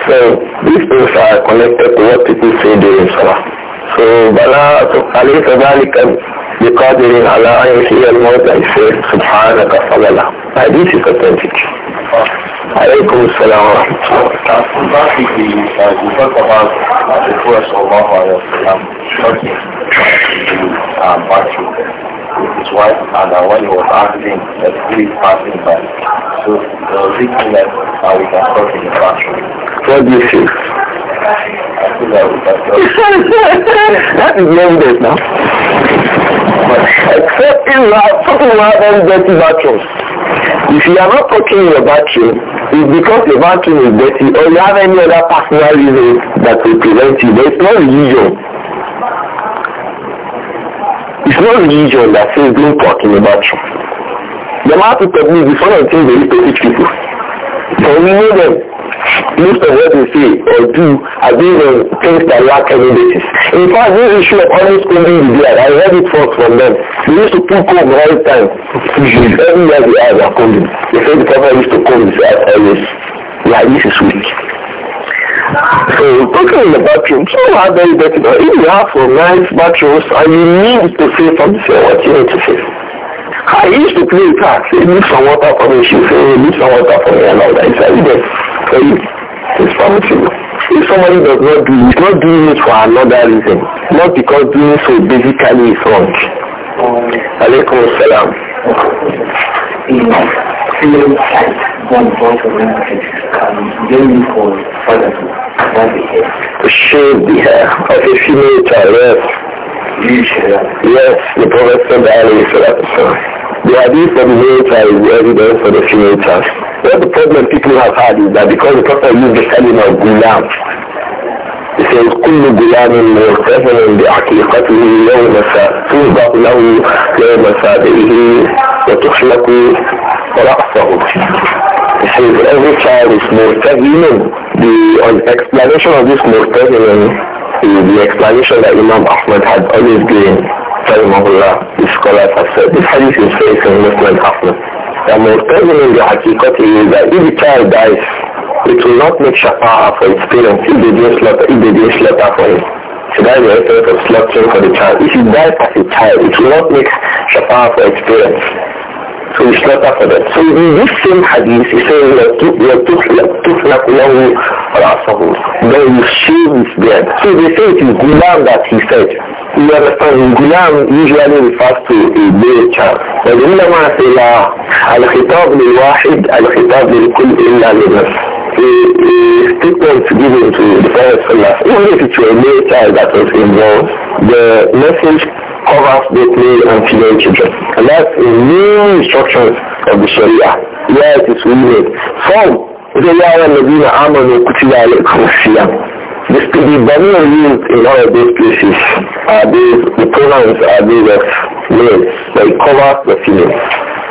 So these things are connected to what people say during Salah. So Bala عليك ذلك بقادر على أن يحيي الموتى سبحانك and this is authentic. عليكم السلام ورحمة الله وبركاته. wa With his wife and uh, when he was acting, the uh, spirit passing by. So the uh, weakness uh, we can talk in the classroom. What do you think? That is feel good now. Except in love, talking about them dirty bathrooms. If you are not talking in your bathroom, it's because your bathroom is dirty or you have any other personal reason that will prevent you. There is no religion It's not religion that says don't talk in the bathroom. The math of technique is one of the things they used to teach people. So we know them. Most of what they say or do are based on things that lack any basis. In fact, this issue of always spending is there. I heard it first from them. They used to pull comb all the time. Every year the eyes are combing. They say the prophet used to comb his eyes always. Yeah, this is weak. Oh, so talking in the bathroom, some are very dirty, but if you have nice bathrooms and you need to say something what you need to say. I used to play cards, say need some water for me, she say need some water for me and all that. It's evident for you. It's permissible. If somebody does not do it, not doing it for another reason, not because doing so basically is wrong. Oh. Alaikum salam. Mm. feeling like one voice of message can very for further to cover the hair. To shave the hair of a female child, yes. Yes, the Prophet said earlier so that the idea for the male child is the evidence for the female child. What the problem people have had is that because the Prophet used the term of gulam, he says كل غلام مرتهن بعقيقته يوم توضع يوم سابعه وتحلق رأسه says every child is Murtad. You know, the explanation of this Murtad is the explanation that Imam Ahmad had always given, Salimahullah, the scholars have said. This hadith is facing famous in Ahmad. The Murtad in the Hakikat is that if a child dies, it will not make shafa'ah for its parents if they do slaughter, if they do slaughter for him. to die the effect of slaughtering for the child. If you die as a child, it will not make a powerful experience. So you slaughter for that. So in this same hadith, he says, يَتُفْلَقُ لَهُ رَأْسَهُ Then you shave his beard. So they say it is gulam that he said. You understand, gulam usually refers to a male child. والعلماء say لا الخطاب للواحد الخطاب للكل إلا لنفسه The a statement given to the Prophet Sallallahu Alaihi even if it's your male child that was involved, the message covers both male and female children. And that's a new instruction of the Sharia. Yes, is women. Some, the Yahweh Medina Amanu Kutila Alaikum Siyam. The Bani used in all of those places are these, the pronouns are these of males. They cover the female.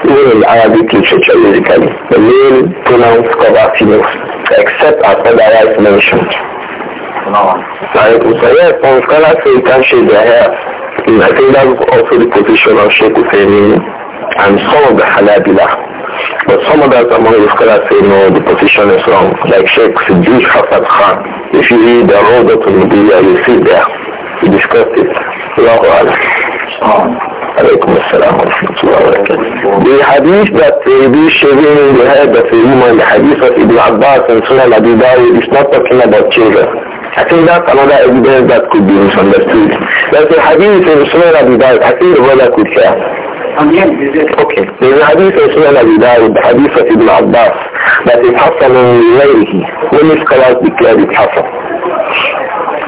Even in Arabic literature, basically, the male pronouns cover females. except as otherwise mentioned. Like Usayyad, some scholars say you can shave your hair. I think that's also the position of Sheikh Hussein and some of the Halabila. But some of us among the scholars say no, the position is wrong. Like Sheikh Siddiq Hafat Khan, if you read the road to Nubiya, you see there. He discussed it. Allahu Akbar. عليكم السلام ورحمة الله وبركاته بحديث that uh, these children in the head that the woman, the hadith of Ibn Abbas and Sunan Abu Dawud is not talking about children. I think that's another evidence that could be misunderstood. There's a hadith in Sunan Abi Dawud. I think the brother could share. Okay. There's a hadith in Sunan Abi Dawud, the hadith of Ibn Abbas, that is Hassan al-Layhi. Many scholars declared it Hassan.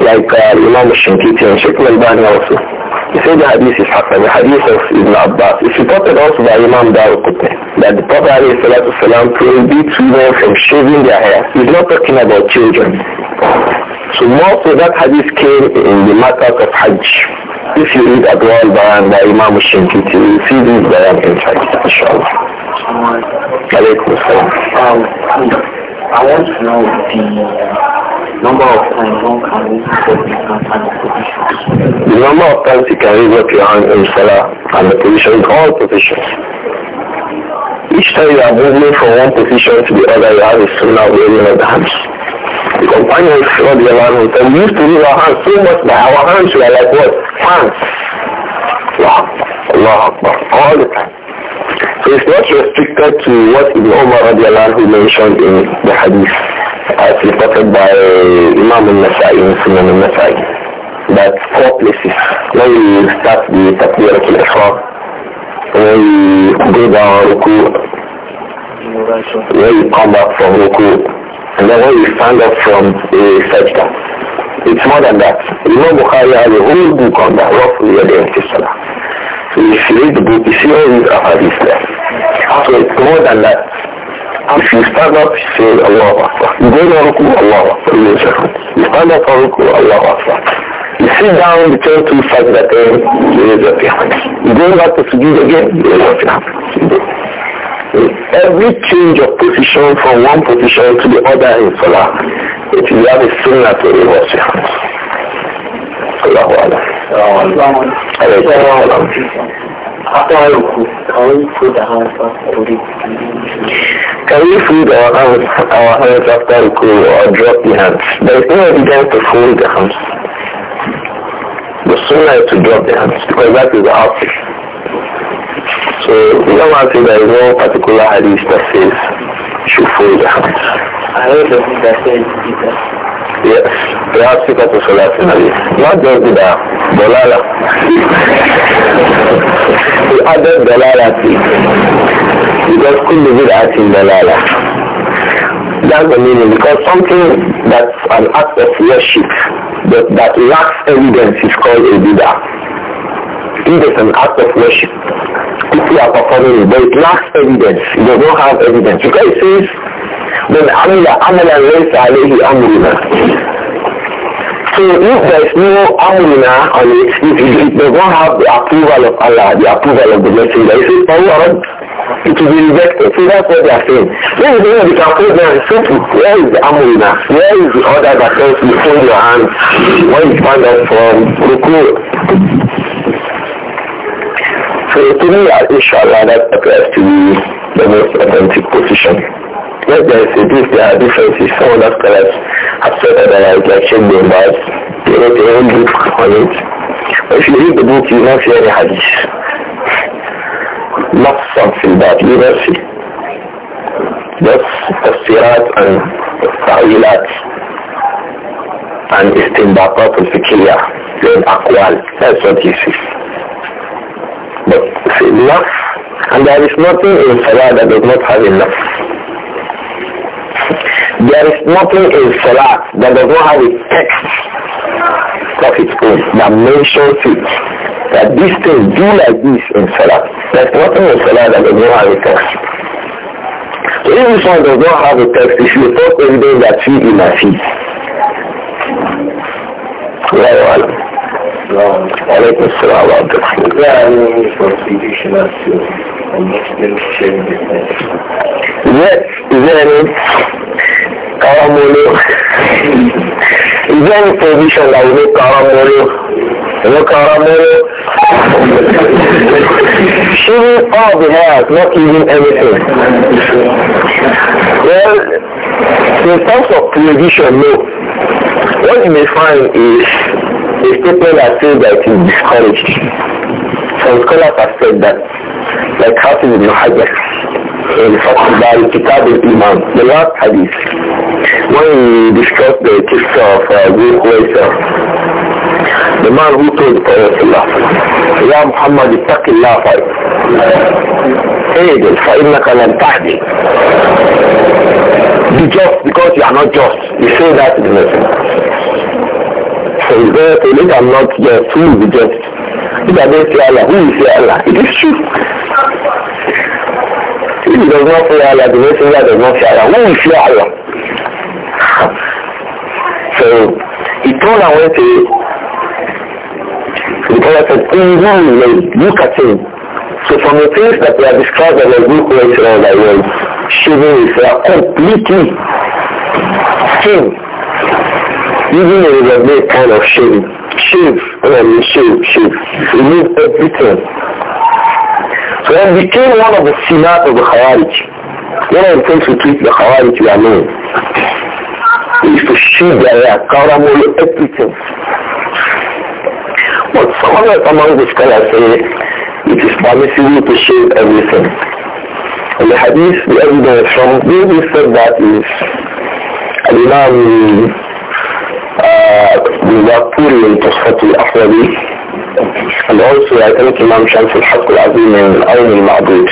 Like uh, Imam Shinkiti and Sheikh Malbani also. He said the hadith is Hassan, the hadith of Ibn Abbas. It's reported also by Imam Dawud Qutni. that the Prophet ﷺ prohibits women from shaving their hair. He's not talking about children. So most of that hadith came in the matter of Hajj. If you read at Adwal Bayan by Imam Shinkiti, you will see these Bayan insights, inshallah. Alaykum salam. Um, I want to know the number of times one can raise up The number of times you can raise up your hand in Salah and the position, all positions. Each time you are moving from one position to the other, you have a sunnah wearing of the hands. The companions of the man who we used to use our hands so much that our hands were like what? Hands. Wow. Allah All the time. So it's not restricted to what Ibn Umar radiallahu mentioned in the hadith as reported by Imam al-Nasai in Sunan al-Nasai that four places when you start the Takbiratul Ihram when you go down ruku, when you come back from ruku, and then when you stand up from a sajda. It's more than that. You know Bukhari has a whole book on that, roughly a day into Salah. So if you read the book, you see all these ahadith there. So it's more than that. If you stand up, you say Allah Akbar. You go down ruku, Allah Akbar. You stand up for ruku, Allah Akbar. You sit down between two sides the end, you raise your feet. You go back to sujood again, you raise your Every change of position from one position to the other in Salah, it is have a similar to the wash your hands. Allahu Akbar. After I cook, can we put the hands after the Can we fold our hands, after we or drop the hands? There is no evidence to fold the hands. The sooner to drop them, because that is the outfit. So we don't want to say there is no particular hadith that says should follow the hadith. I heard the thing that says Yes, they have secret to Salat Not just the Dolala. he added Dolala to it. Because Kullu Bid'at in Dolala. That's the meaning because something that's an act of worship that lacks evidence is called a bidah. It is an act of worship. People are performing it, but it lacks evidence. you don't have evidence. Because it says, when Amila Amala lays alayhi amrina. So if there is no amrina on it, it, it, it does not have the approval of Allah, the approval of the messenger. It says, it is be rejected. So that's what they are saying. When you know can put now is simple. Where is the amulina? Where is the order that tells you hold your hand when you stand up from the Ruku? So to me, inshallah, that appears to be the most authentic position. Yes, there is a difference there are differences. Some of that scholars have said that I like change their minds They wrote their own book on it. But if you read the book, you will not see any hadith. not something that you will see. That's sirat and ta'ilat and istinbatat al-fikiya, then akwal. That's what you see. But see, nafs, and there is nothing in salah that does not have enough. There is nothing in salah that does not have a text Prophet own "Now mentions it. That these things do like this in Salah. There's nothing in Salah that does not have a text. So if this one does not have a text, it should talk evidence that he in a seat. Very well. عليكم السلام ورحمة الله Yes, is there any? Come on, Is there any provision that will make Karamoro? You know Karamoro? Shooting all the hairs, not even anything. Well, in terms of provision, no. What you may find is a statement that says that it is discouraged. Some scholars have said that, like how to do Hajar, الفصل by كتاب الإيمان the حديث وين when we discussed the kissa of Abu uh, Huwaisa يا محمد اتق الله فإن ايدل فإنك لن تعدل be just because you are not just you say that to the messenger so he's there to look I'm not just who is just if I don't say Allah who is Allah it is true He does not fear Allah, the messenger does not fear Allah. Who will fear Allah? So he turned and went away. The Prophet said, look at him. So from the things that we are described as a good way to all the world, shaving is completely skin, using a reservoir kind of shaving. Shave, I mean shave, shave. Remove everything. Then became one of the sinat of the Khawarij. One of the things we treat the Khawarij we are known. We used to shoot their Karamul everything. But some of among the scholars say it is permissible to shave everything. And the hadith, the evidence from this is said that is Al-Imam uh, Buzapuri in Tusfati Ahwadi and also I think Imam Shamsul Haq al-Azim in Ayn al-Ma'bud.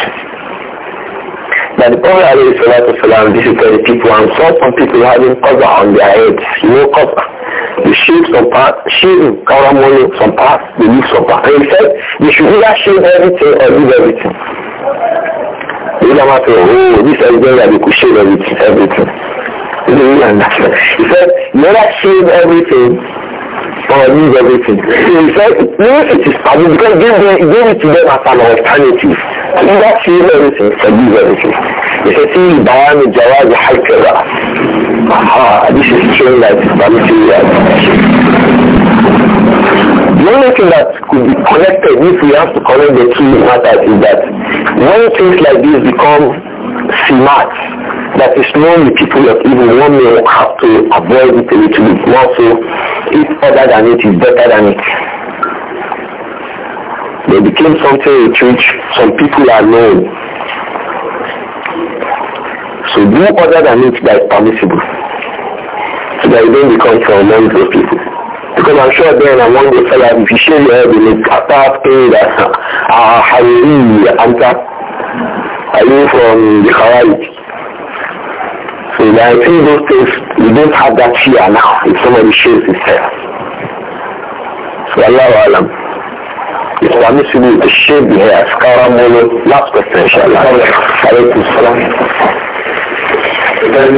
Now the Prophet alayhi salatu wasalam visited the people and saw some people having qaza on their heads. You know qaza. They shave some part, shave karamoni some part, the leave some part. And he said you should either shave everything or leave everything. The Ulama said, oh, this is where you could shave everything. everything. He said, you either shave everything or lose everything. So he said, no, it is valid because give, them, give it to them as an alternative. Either choose everything, lose everything. He said, see, Bayan Jawaz Haikara. Aha, this is showing that Islamic the only thing that could be connected if we have to connect the two matters is that when things like this become smart, that is known to people that even one may have to avoid it a little bit more so it other than it is better than it. They became something with which some people are known. So do other than it that is permissible. So that you don't become from among those people. Because I'm sure then among the fellows, if you share your head, they may start saying that, ah, Hariri, Anta, are you from the Khawarij? So we are saying those things, we don't have that fear now if somebody shows hair. So Allah Alam. It's permissible to shave the hair. Skara Molo. Last question, inshallah. Alaykum salam. Inshallah.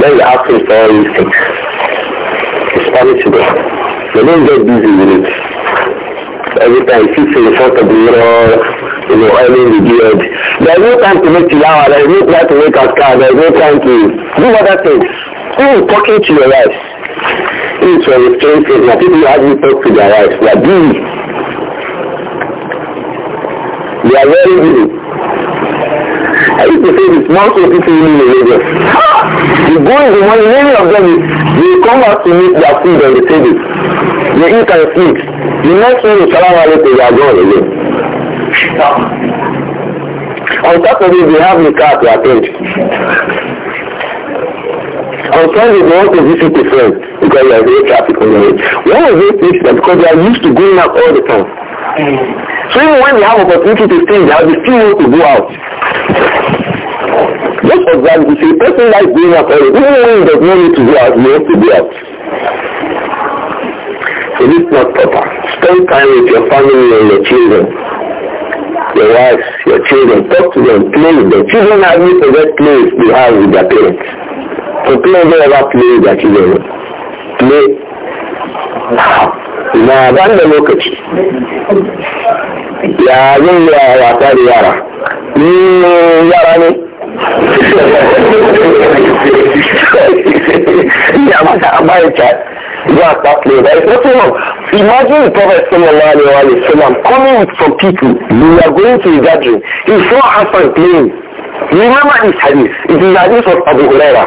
May the Apple is always It's permissible. They don't get busy with it. Every time he sits in front of the mirror, you know, earning the beard. There's no time to make tilawa, there's no time to make a askar, there's no time to do other things. Who is talking to your wife? Who is your restraint statement? People hardly talked to their wives. They are busy. They are very busy. I used to say the small people living in Lagos. You go in the morning, many of them, they come out to meet their food on the table. They eat and sleep. The next morning, salam alaikum, they are gone again. On Saturday, they have the car to attend. On Sunday, they want to visit a friend because there is no traffic on the road. One of those things that because they are used to going out all the time. So even when they have opportunity to stay in the house, still want to go out. Just for example, if a person likes being out early, even when he does not need to go out, he wants to be out. So this is not proper. Spend time with your family and your children. Your wife, your children, talk to them, play with them. Children have need to get play they have with their parents. So play wherever play with their children. Play. Now na ban da lokaci ya zan yi wasa da yara ni yara ne ya mata a bayan ta ya kwakle da ita kuma imagine the prophet sallallahu alaihi wa sallam coming from people who are going to the gathering he saw Hassan playing Remember this hadith. It is the hadith of Abu Huraira.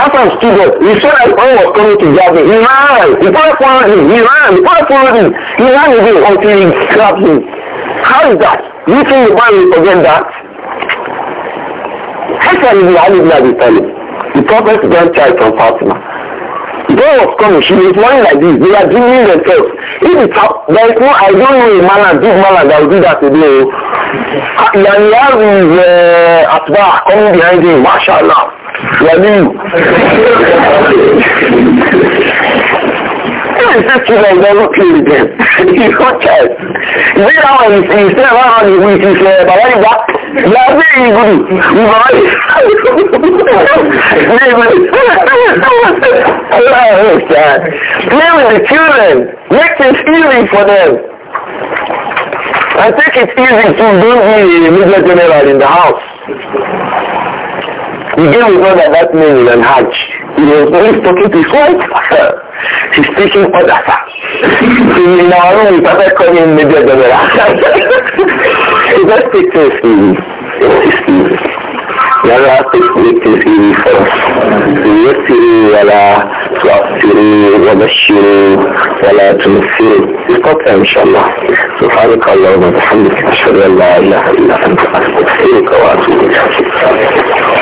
Hassan stood up. He saw that all was coming to grab him. He ran. He couldn't follow him. He ran. He couldn't follow him. He ran away until he grabbed him. How is that? You think the man is forget that? Hassan ibn Ali ibn Abi Talib, the prophet's grandchild from Fatima. They was coming. She was morning like this. They are doing themselves. If it's how, there is no, I don't know a man and big man that will do that today. Oh. Yanni has his uh, atba coming behind him. Mashallah. Yanni. This is children never play with them. He's not child. Is it how he's, he's never on his, his, his, uh, but when he's that? Labe iguru, mbari. oh, God. Play with the children. Make it easy for them. And take it easy to don't be a major general in the house. You deal with all that means and hajj. He's talking to his wife. He's taking orders. He now he started calling me the general. He just takes it seriously. Never takes it seriously first. يسري ولا تؤثري وبشري ولا تنفري استطع إن شاء الله سبحانك اللهم وبحمدك أشهد أن لا إله إلا أنت أستغفرك وأتوب إليك